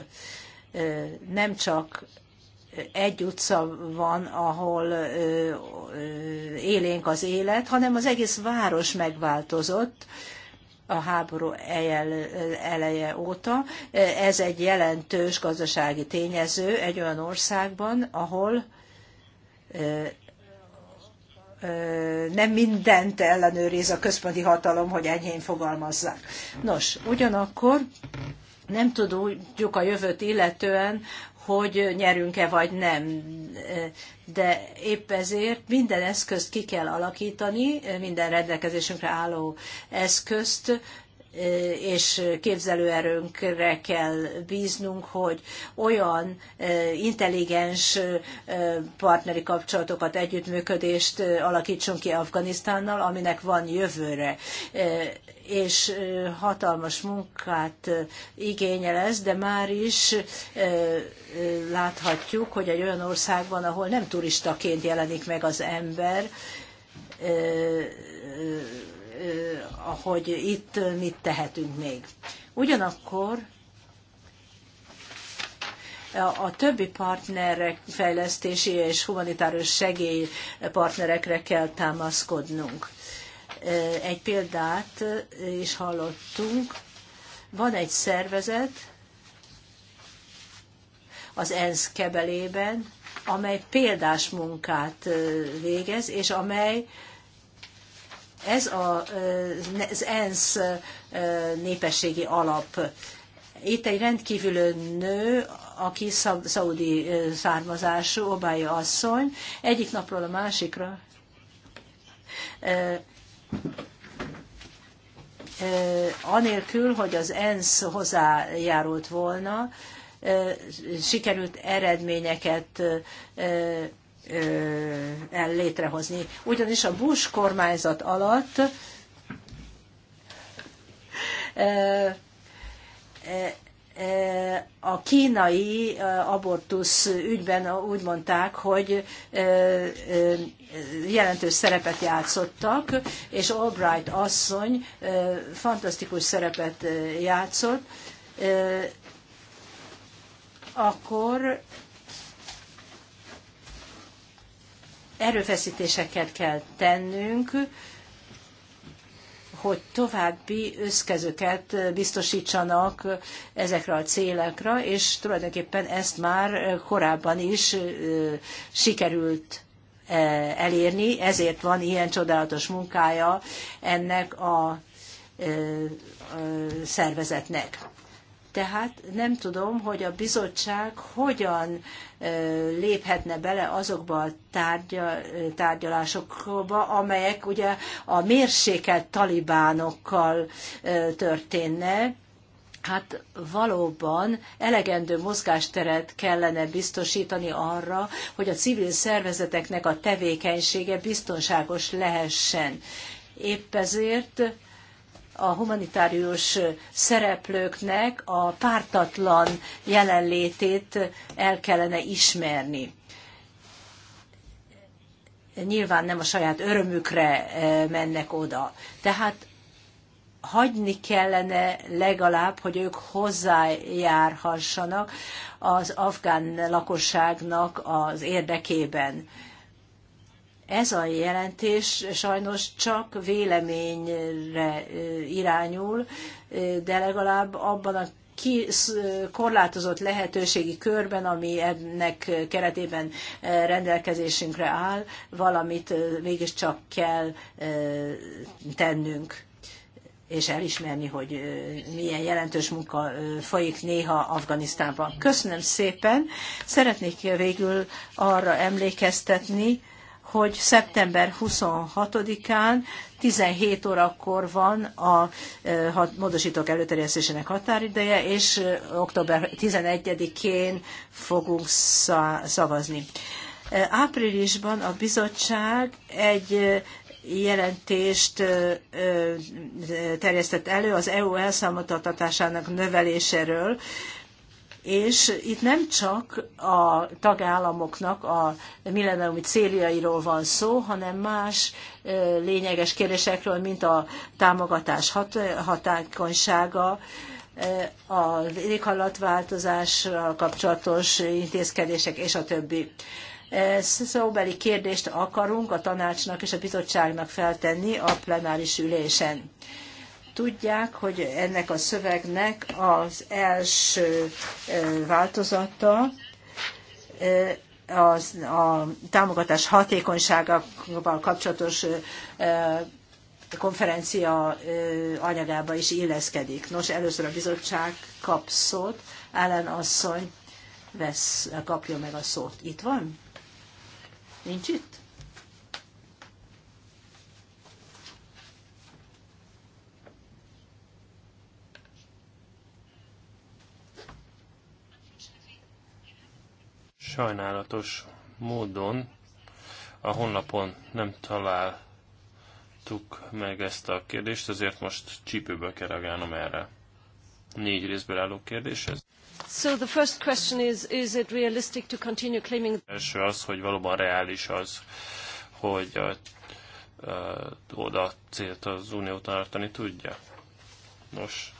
Nem csak egy utca van, ahol élénk az élet, hanem az egész város megváltozott a háború eleje óta. Ez egy jelentős gazdasági tényező egy olyan országban, ahol nem mindent ellenőriz a központi hatalom, hogy enyhén fogalmazzák. Nos, ugyanakkor nem tudjuk a jövőt illetően, hogy nyerünk-e vagy nem. De épp ezért minden eszközt ki kell alakítani, minden rendelkezésünkre álló eszközt, és képzelőerőnkre kell bíznunk, hogy olyan e, intelligens e, partneri kapcsolatokat, együttműködést alakítsunk ki Afganisztánnal, aminek van jövőre. E, és hatalmas munkát igényel ez, de már is láthatjuk, hogy egy olyan országban, ahol nem turistaként jelenik meg az ember, hogy itt mit tehetünk még. Ugyanakkor a többi partnerek, fejlesztési és humanitárius segély partnerekre kell támaszkodnunk. Egy példát is hallottunk. Van egy szervezet az ENSZ kebelében, amely példás munkát végez, és amely ez a, az ENSZ népességi alap. Itt egy rendkívül nő, aki szaudi származású, Obája asszony, egyik napról a másikra anélkül, hogy az ENSZ hozzájárult volna, sikerült eredményeket el létrehozni. Ugyanis a Bush kormányzat alatt Eh, a kínai eh, abortusz ügyben úgy mondták, hogy eh, jelentős szerepet játszottak, és Albright asszony fantasztikus szerepet játszott, akkor erőfeszítéseket kell tennünk, hogy további összkezőket biztosítsanak ezekre a célekra, és tulajdonképpen ezt már korábban is sikerült elérni, ezért van ilyen csodálatos munkája ennek a szervezetnek. Tehát nem tudom, hogy a bizottság hogyan léphetne bele azokba a tárgya, tárgyalásokba, amelyek ugye a mérsékelt talibánokkal történne, Hát valóban elegendő mozgásteret kellene biztosítani arra, hogy a civil szervezeteknek a tevékenysége biztonságos lehessen. Épp ezért a humanitárius szereplőknek a pártatlan jelenlétét el kellene ismerni. Nyilván nem a saját örömükre eh, mennek oda. Tehát hagyni kellene legalább, hogy ők hozzájárhassanak az afgán lakosságnak az érdekében ez a jelentés sajnos csak véleményre irányul, de legalább abban a ki, korlátozott lehetőségi körben, ami ennek keretében rendelkezésünkre áll, valamit mégiscsak kell tennünk és elismerni, hogy milyen jelentős munka folyik néha Afganisztánban. Köszönöm szépen. Szeretnék végül arra emlékeztetni, hogy szeptember 26-án 17 órakor van a módosítók előterjesztésének határideje, és október 11-én fogunk szavazni. Áprilisban a bizottság egy jelentést terjesztett elő az EU elszámoltatásának növeléséről, és itt nem csak a tagállamoknak a millenniumi céljairól van szó, hanem más lényeges kérdésekről, mint a támogatás hat hatékonysága, a éghajlatváltozással kapcsolatos intézkedések és a többi szóbeli kérdést akarunk a tanácsnak és a bizottságnak feltenni a plenáris ülésen. Tudják, hogy ennek a szövegnek az első változata az, a támogatás hatékonyságával kapcsolatos konferencia anyagába is illeszkedik. Nos, először a bizottság kap szót, Ellen asszony vesz, kapja meg a szót. Itt van? Nincs itt? Sajnálatos módon a honlapon nem találtuk meg ezt a kérdést, azért most csípőből kell reagálnom erre. Négy részből álló kérdés ez. So the first question is, is it realistic to continue claiming... Első az, hogy valóban reális az, hogy a, a, oda célt az Unió tartani tudja. Nos,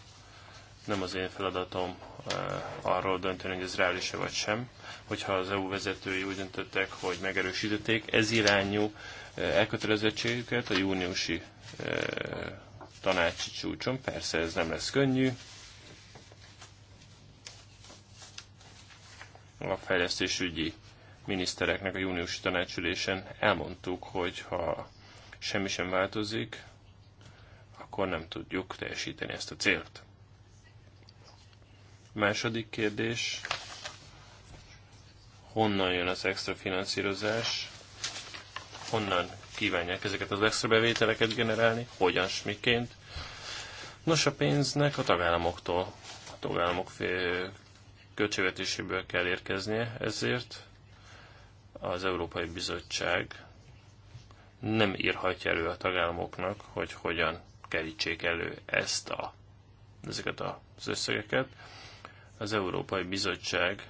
nem az én feladatom eh, arról dönteni, hogy ez reális-e vagy sem hogyha az EU vezetői úgy döntöttek, hogy megerősítették ez irányú eh, elkötelezettségüket a júniusi eh, tanácsi csúcson. Persze ez nem lesz könnyű. A fejlesztésügyi minisztereknek a júniusi tanácsülésen elmondtuk, hogy ha semmi sem változik, akkor nem tudjuk teljesíteni ezt a célt. második kérdés honnan jön az extra finanszírozás, honnan kívánják ezeket az extra bevételeket generálni, hogyan, miként. Nos, a pénznek a tagállamoktól, a tagállamok költségvetéséből kell érkeznie, ezért az Európai Bizottság nem írhatja elő a tagállamoknak, hogy hogyan kerítsék elő ezt a, ezeket az összegeket. Az Európai Bizottság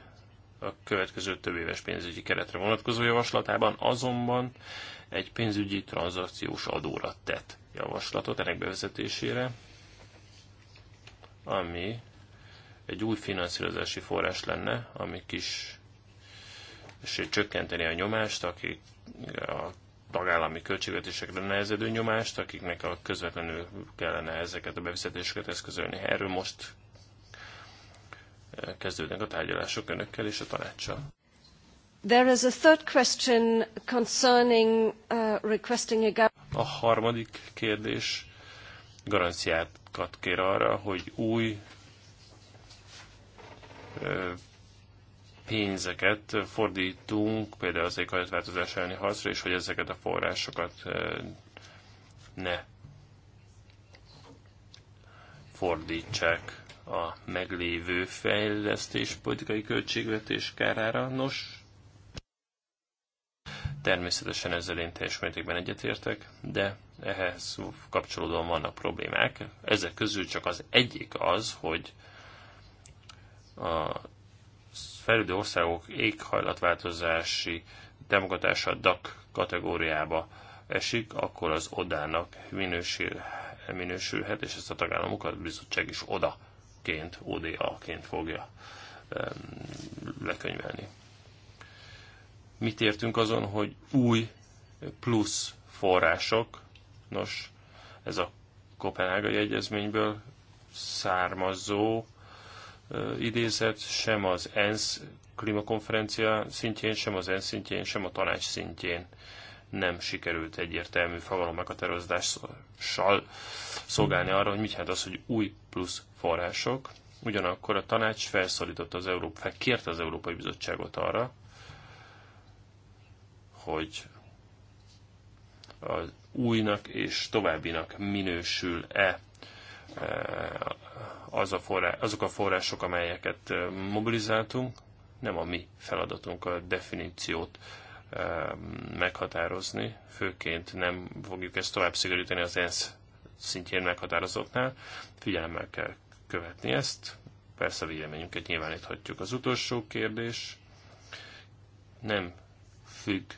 a következő több éves pénzügyi keretre vonatkozó javaslatában, azonban egy pénzügyi tranzakciós adóra tett javaslatot ennek bevezetésére, ami egy új finanszírozási forrás lenne, ami kis és csökkenteni a nyomást, akik a tagállami költségvetésekre nehezedő nyomást, akiknek a közvetlenül kellene ezeket a befizetéseket eszközölni. Erről most kezdődnek a tárgyalások önökkel és a tanácssal. There is a third question concerning uh, requesting a A harmadik kérdés garanciákat kér arra, hogy új pénzeket fordítunk, például az éghajlatváltozás elleni harcra, és hogy ezeket a forrásokat ne fordítsák a meglévő fejlesztés politikai költségvetés kárára. Nos, természetesen ezzel én teljes mértékben egyetértek, de ehhez kapcsolódóan vannak problémák. Ezek közül csak az egyik az, hogy a fejlődő országok éghajlatváltozási támogatása DAC kategóriába esik, akkor az odának minősül, minősülhet, és ezt a tagállamokat a bizottság is oda ként, ODA-ként fogja lekönyvelni. Mit értünk azon, hogy új plusz források, nos, ez a Kopenhágai Egyezményből származó idézet sem az ENSZ klímakonferencia szintjén, sem az ENSZ szintjén, sem a tanács szintjén nem sikerült egyértelmű fogalom meghatározással szolgálni arra, hogy mit jelent az, hogy új plusz források. Ugyanakkor a tanács felszólította az Európa, felkérte az Európai Bizottságot arra, hogy az újnak és továbbinak minősül-e e, az a forrá, azok a források, amelyeket e, mobilizáltunk, nem a mi feladatunk a definíciót meghatározni, főként nem fogjuk ezt tovább szigorítani az ENSZ szintjén meghatározottnál. Figyelemmel kell követni ezt, persze véleményünket nyilváníthatjuk. Az utolsó kérdés nem függ,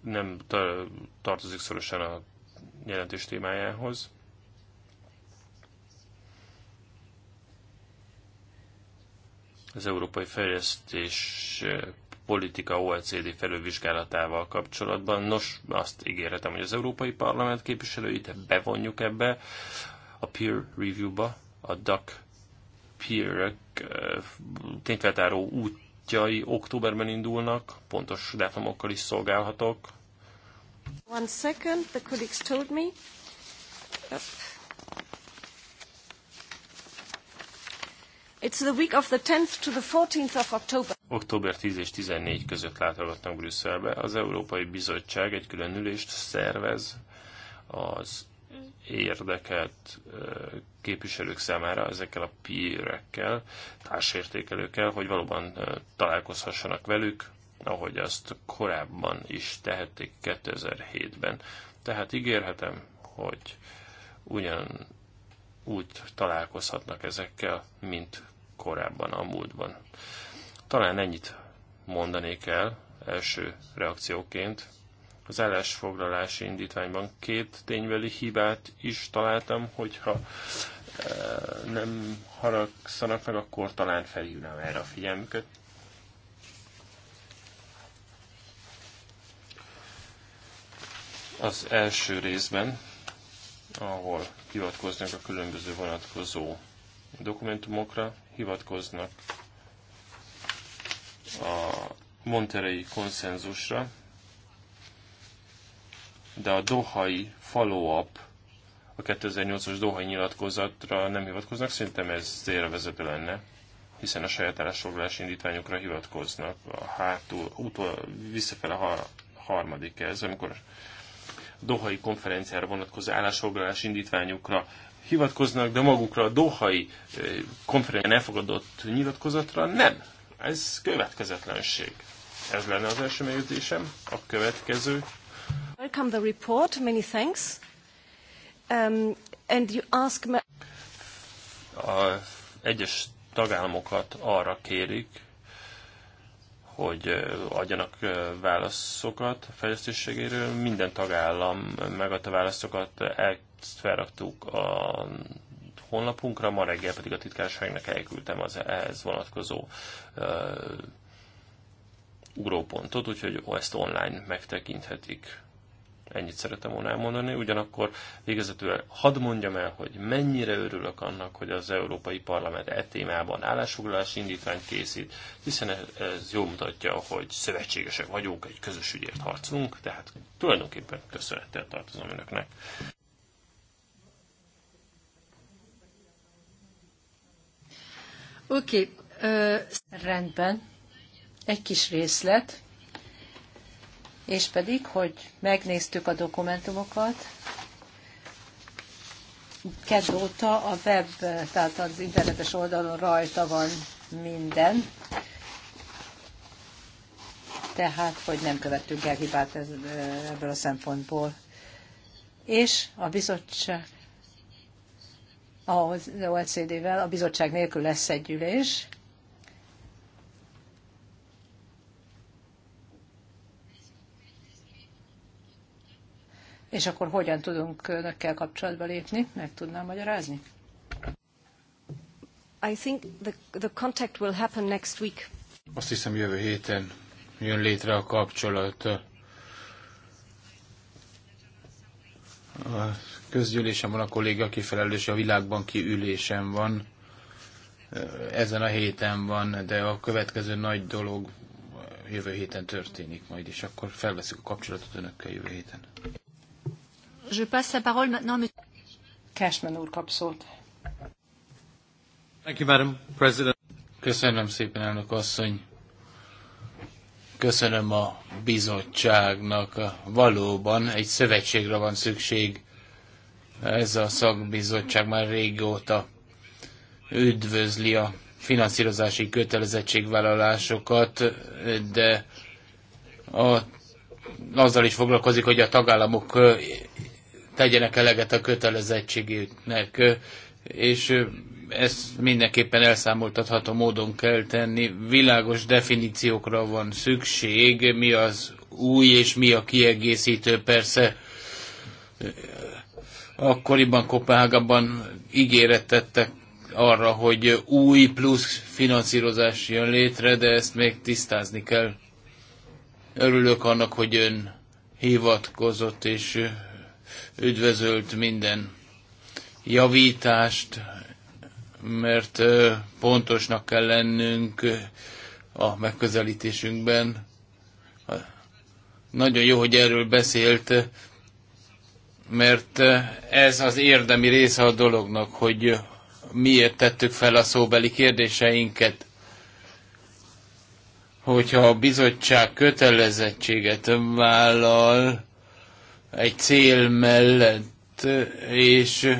nem tartozik szorosan a jelentés témájához. Az Európai Fejlesztés politika OECD felülvizsgálatával kapcsolatban. Nos, azt ígéretem, hogy az Európai Parlament képviselőit bevonjuk ebbe a peer review-ba, a DAC peer eh, tényfeltáró útjai októberben indulnak, pontos dátumokkal is szolgálhatok. One second, the colleagues told me. It's the week of the 10th to the 14th of October. Október 10 és 14 között látogatnak Brüsszelbe. Az Európai Bizottság egy külön ülést szervez az érdekelt képviselők számára ezekkel a pírekkel, társértékelőkkel, hogy valóban találkozhassanak velük, ahogy azt korábban is tehették 2007-ben. Tehát ígérhetem, hogy ugyan úgy találkozhatnak ezekkel, mint korábban, a múltban. Talán ennyit mondanék el első reakcióként. Az állásfoglalási indítványban két tényveli hibát is találtam, hogyha eh, nem haragszanak meg, akkor talán felhívnám erre a figyelmüket. Az első részben ahol hivatkoznak a különböző vonatkozó dokumentumokra, hivatkoznak a Monterey konszenzusra, de a Dohai follow-up, a 2008-as Dohai nyilatkozatra nem hivatkoznak, szerintem ez célvezető lenne, hiszen a saját állásfoglalás indítványokra hivatkoznak. A hátul, utol, visszafele a harmadik ez, amikor Dohai konferenciára vonatkozó állásfoglalás indítványukra hivatkoznak, de magukra a Dohai eh, konferencián elfogadott nyilatkozatra nem. Ez következetlenség. Ez lenne az első megjegyzésem. A következő. Welcome the report. Many thanks. Um, and you ask me... A egyes tagállamokat arra kérik, hogy adjanak válaszokat a fejlesztésségéről. Minden tagállam megadta válaszokat, ezt felraktuk a honlapunkra, ma reggel pedig a titkárságnak elküldtem az ehhez vonatkozó ugrópontot, úgyhogy ezt online megtekinthetik. Ennyit szeretem volna elmondani. Ugyanakkor végezetül hadd mondjam el, hogy mennyire örülök annak, hogy az Európai Parlament e témában állásfoglalás indítványt készít, hiszen ez jól mutatja, hogy szövetségesek vagyunk, egy közös ügyért harcolunk, tehát tulajdonképpen köszönettel tartozom önöknek. Oké, okay. rendben. Egy kis részlet és pedig, hogy megnéztük a dokumentumokat, kedd óta a web, tehát az internetes oldalon rajta van minden, tehát, hogy nem követtünk el hibát ebből a szempontból. És a bizottság az OECD-vel, a bizottság nélkül lesz egy ülés, És akkor hogyan tudunk önökkel kapcsolatba lépni? Meg tudnám magyarázni? I think the, the contact will happen next week. Azt hiszem jövő héten jön létre a kapcsolat. A közgyűlésen van a kolléga, aki felelős a világbanki ülésen van. Ezen a héten van, de a következő nagy dolog jövő héten történik majd, és akkor felveszik a kapcsolatot önökkel jövő héten. Je passe la parole maintenant, monsieur... Cashman úr kap szót. Thank you, Madam President. Köszönöm szépen, elnök asszony. Köszönöm a bizottságnak. Valóban egy szövetségre van szükség. Ez a szakbizottság már régóta üdvözli a finanszírozási kötelezettségvállalásokat, de a, azzal is foglalkozik, hogy a tagállamok tegyenek eleget a kötelezettségüknek, és ezt mindenképpen elszámoltatható módon kell tenni. Világos definíciókra van szükség, mi az új és mi a kiegészítő. Persze akkoriban Kopenhágában ígéretettek arra, hogy új plusz finanszírozás jön létre, de ezt még tisztázni kell. Örülök annak, hogy ön hivatkozott, és üdvözölt minden javítást, mert pontosnak kell lennünk a megközelítésünkben. Nagyon jó, hogy erről beszélt, mert ez az érdemi része a dolognak, hogy miért tettük fel a szóbeli kérdéseinket. Hogyha a bizottság kötelezettséget vállal, egy cél mellett, és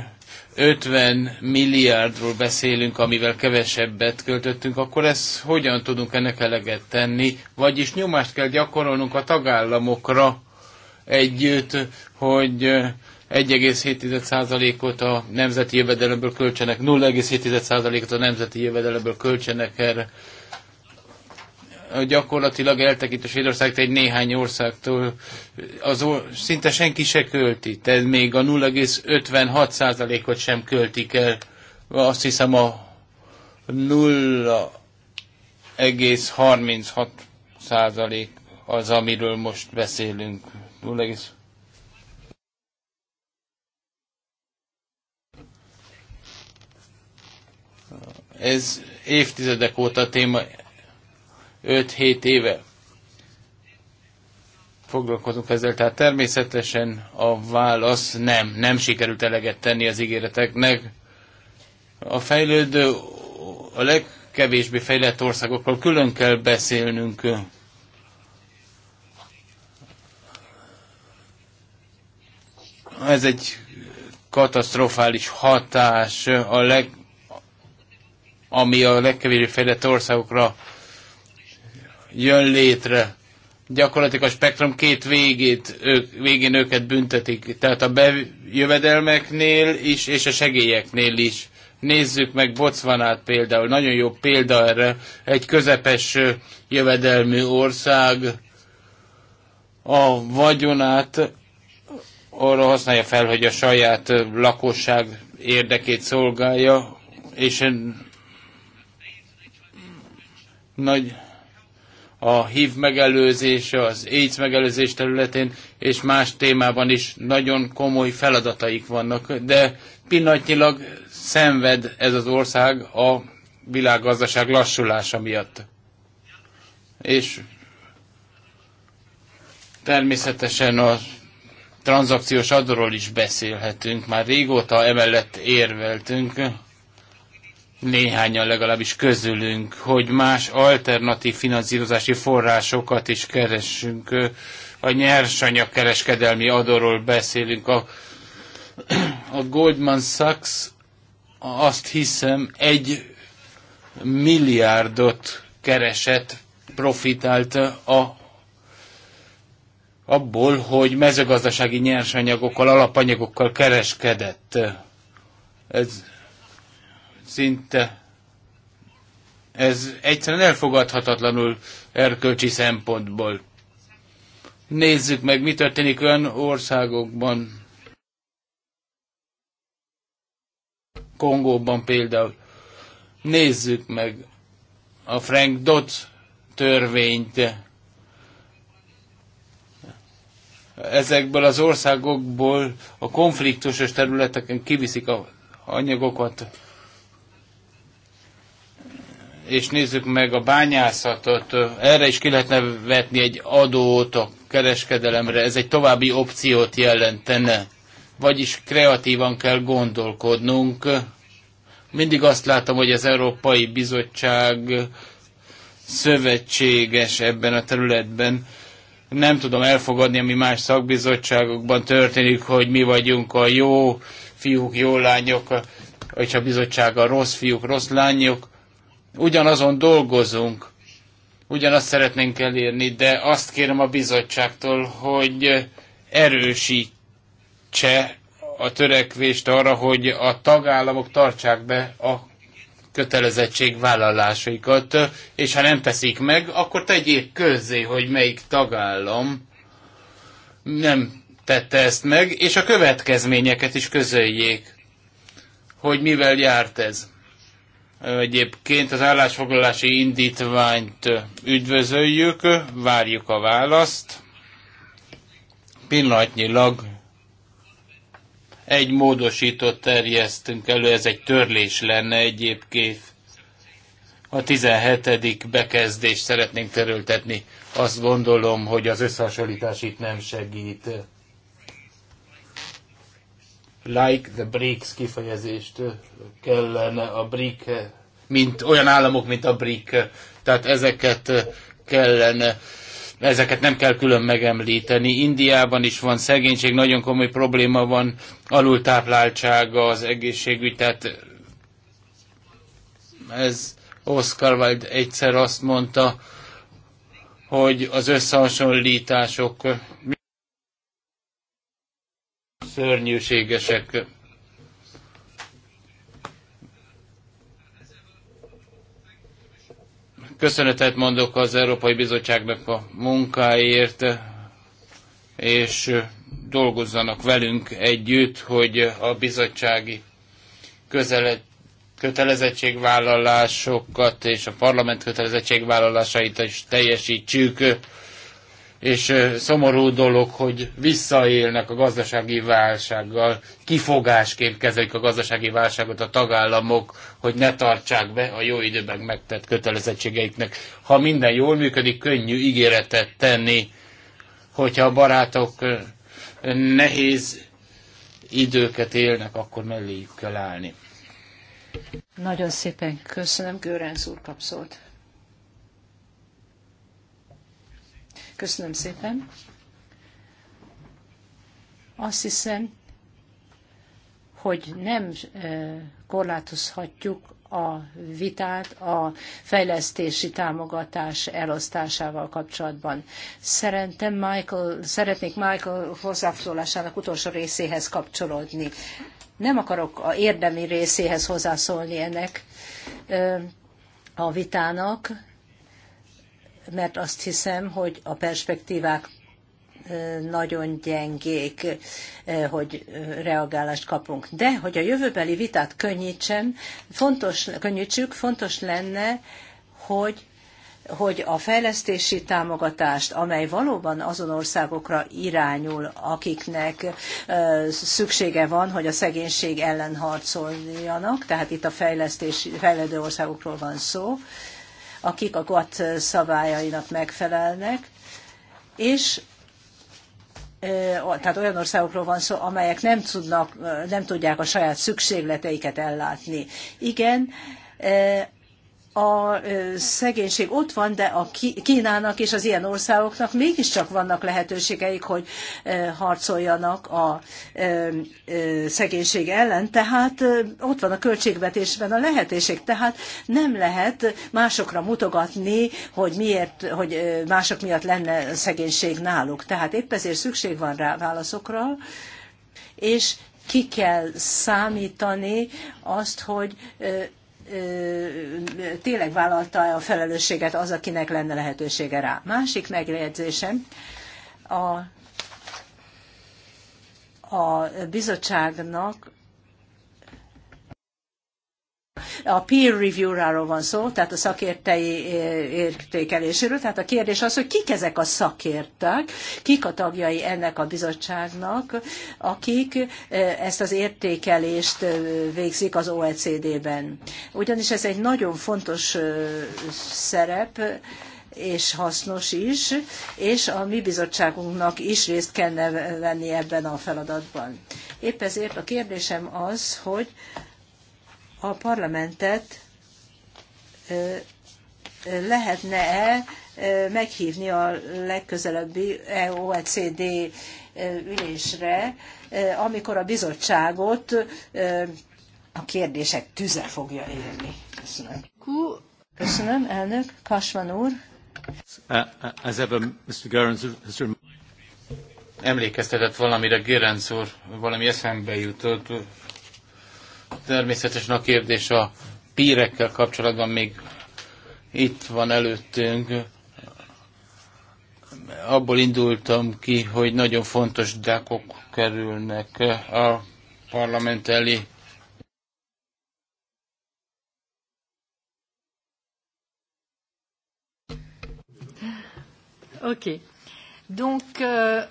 50 milliárdról beszélünk, amivel kevesebbet költöttünk, akkor ez hogyan tudunk ennek eleget tenni? Vagyis nyomást kell gyakorolnunk a tagállamokra együtt, hogy 1,7%-ot a nemzeti jövedelemből költsenek, 0,7%-ot a nemzeti jövedelemből költsenek erre gyakorlatilag eltekint a Svédország egy néhány országtól, az szinte senki se költi, tehát még a 0,56%-ot sem költik el. Azt hiszem a 0,36% az, amiről most beszélünk. 0, ez évtizedek óta téma, 5-7 éve foglalkozunk ezzel. Tehát természetesen a válasz nem, nem sikerült eleget tenni az ígéreteknek. A fejlődő, a legkevésbé fejlett országokkal külön kell beszélnünk. Ez egy katasztrofális hatás, a leg, ami a legkevésbé fejlett országokra jön létre. Gyakorlatilag a spektrum két végét, ők, végén őket büntetik, tehát a bejövedelmeknél is, és a segélyeknél is. Nézzük meg Bocvanát például, nagyon jó példa erre, egy közepes jövedelmű ország a vagyonát arra használja fel, hogy a saját lakosság érdekét szolgálja, és nagy a HIV megelőzés, az AIDS megelőzés területén és más témában is nagyon komoly feladataik vannak, de pillanatnyilag szenved ez az ország a világgazdaság lassulása miatt. És természetesen a tranzakciós adóról is beszélhetünk, már régóta emellett érveltünk, néhányan legalábbis közülünk, hogy más alternatív finanszírozási forrásokat is keressünk. A nyersanyagkereskedelmi adóról beszélünk. A, a Goldman Sachs azt hiszem egy milliárdot keresett, profitált a, abból, hogy mezőgazdasági nyersanyagokkal, alapanyagokkal kereskedett. Ez szinte ez egyszerűen elfogadhatatlanul erkölcsi szempontból. Nézzük meg, mi történik olyan országokban, Kongóban például. Nézzük meg a Frank Dodd törvényt. Ezekből az országokból a konfliktusos területeken kiviszik a anyagokat, és nézzük meg a bányászatot, erre is ki lehetne vetni egy adót a kereskedelemre, ez egy további opciót jelentene. Vagyis kreatívan kell gondolkodnunk. Mindig azt látom, hogy az Európai Bizottság szövetséges ebben a területben. Nem tudom elfogadni, ami más szakbizottságokban történik, hogy mi vagyunk a jó fiúk, jó lányok, és a bizottság a rossz fiúk, rossz lányok ugyanazon dolgozunk, ugyanazt szeretnénk elérni, de azt kérem a bizottságtól, hogy erősítse a törekvést arra, hogy a tagállamok tartsák be a vállalásaikat, és ha nem teszik meg, akkor tegyék közzé, hogy melyik tagállam nem tette ezt meg, és a következményeket is közöljék, hogy mivel járt ez. Egyébként az állásfoglalási indítványt üdvözöljük, várjuk a választ. Pillanatnyilag egy módosított terjesztünk elő, ez egy törlés lenne egyébként. A 17. bekezdést szeretnénk terültetni. Azt gondolom, hogy az összehasonlítás itt nem segít like the BRICS kifejezést kellene a BRIC, mint olyan államok, mint a BRIC. Tehát ezeket kellene ezeket nem kell külön megemlíteni. Indiában is van szegénység, nagyon komoly probléma van, alultápláltsága az egészségügy, tehát ez Oscar Wilde egyszer azt mondta, hogy az összehasonlítások szörnyűségesek. Köszönetet mondok az Európai Bizottságnak a munkáért, és dolgozzanak velünk együtt, hogy a bizottsági közelet, kötelezettségvállalásokat és a parlament kötelezettségvállalásait is teljesítsük és szomorú dolog, hogy visszaélnek a gazdasági válsággal, kifogásként kezelik a gazdasági válságot a tagállamok, hogy ne tartsák be a jó időben megtett kötelezettségeiknek. Ha minden jól működik, könnyű ígéretet tenni, hogyha a barátok nehéz időket élnek, akkor melléjük kell állni. Nagyon szépen köszönöm, Görenz úr kapszolt. Köszönöm szépen. Azt hiszem, hogy nem korlátozhatjuk a vitát a fejlesztési támogatás elosztásával kapcsolatban. Szerintem Michael, szeretnék Michael hozzászólásának utolsó részéhez kapcsolódni. Nem akarok a érdemi részéhez hozzászólni ennek a vitának, mert azt hiszem, hogy a perspektívák nagyon gyengék, hogy reagálást kapunk. De, hogy a jövőbeli vitát könnyítsen, fontos, könnyítsük, fontos lenne, hogy hogy a fejlesztési támogatást, amely valóban azon országokra irányul, akiknek szüksége van, hogy a szegénység ellen harcoljanak, tehát itt a fejlesztési, fejlődő országokról van szó, akik a GATT szabályainak megfelelnek, és tehát olyan országokról van szó, amelyek nem, tudnak, nem tudják a saját szükségleteiket ellátni. Igen, a szegénység ott van, de a Kínának és az ilyen országoknak mégiscsak vannak lehetőségeik, hogy harcoljanak a szegénység ellen, tehát ott van a költségvetésben a lehetőség, tehát nem lehet másokra mutogatni, hogy miért, hogy mások miatt lenne szegénység náluk. Tehát épp ezért szükség van rá válaszokra, és ki kell számítani azt, hogy tényleg vállalta a felelősséget az, akinek lenne lehetősége rá. Másik megjegyzésem, a, a bizottságnak a peer review ráról van szó, tehát a szakértei eh, értékeléséről. Tehát a kérdés az, hogy kik ezek a szakértek, kik a tagjai ennek a bizottságnak, akik eh, ezt az értékelést eh, végzik az OECD-ben. Ugyanis ez egy nagyon fontos szerep, és hasznos is, és a mi bizottságunknak is részt kellene venni ebben a feladatban. Épp ezért a kérdésem az, hogy a parlamentet lehetne-e meghívni a legközelebbi e OECD ülésre, amikor a bizottságot a kérdések tüze fogja érni. Köszönöm. Köszönöm, elnök. Kasman úr. Uh, uh, as ever, Mr. Görens emlékeztetett valamire, Gérenc úr, valami eszembe jutott. Természetesen a kérdés a pírekkel kapcsolatban még itt van előttünk. Abból indultam ki, hogy nagyon fontos dákok kerülnek a parlament elé. Oké. Okay. Donc, euh...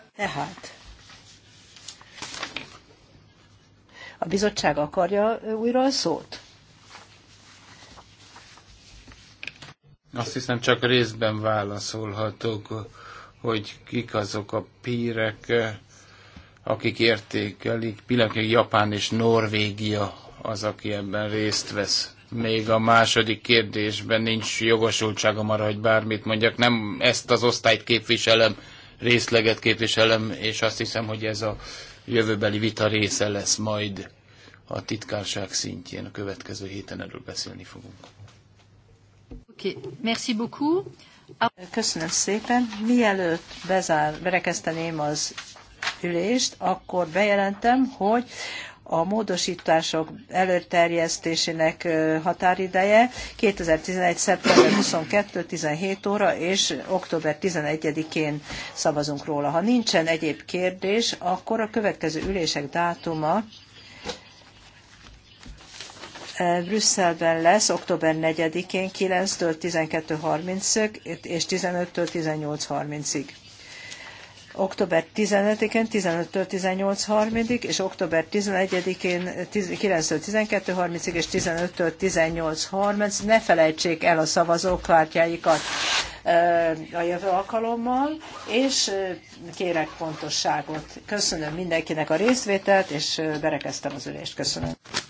A bizottság akarja újra a szót? Azt hiszem csak részben válaszolhatok, hogy kik azok a pírek, akik értékelik. Pillanatnyilag Japán és Norvégia az, aki ebben részt vesz. Még a második kérdésben nincs jogosultságom arra, hogy bármit mondjak. Nem ezt az osztályt képviselem, részleget képviselem, és azt hiszem, hogy ez a jövőbeli vita része lesz majd a titkárság szintjén. A következő héten erről beszélni fogunk. Okay. Merci beaucoup. Köszönöm szépen. Mielőtt bezár, berekezteném az ülést, akkor bejelentem, hogy a módosítások előterjesztésének határideje 2011. szeptember 22. 17 óra és október 11-én szavazunk róla. Ha nincsen egyéb kérdés, akkor a következő ülések dátuma Brüsszelben lesz október 4-én 9-től 12.30-ig és 15-től 18.30-ig. Október 15-én 15-től 18.30-ig, és október 11-én 9-től 12.30-ig, és 15-től 18.30. Ne felejtsék el a szavazókártyáikat a jövő alkalommal, és kérek pontosságot. Köszönöm mindenkinek a részvételt, és berekeztem az ülést. Köszönöm.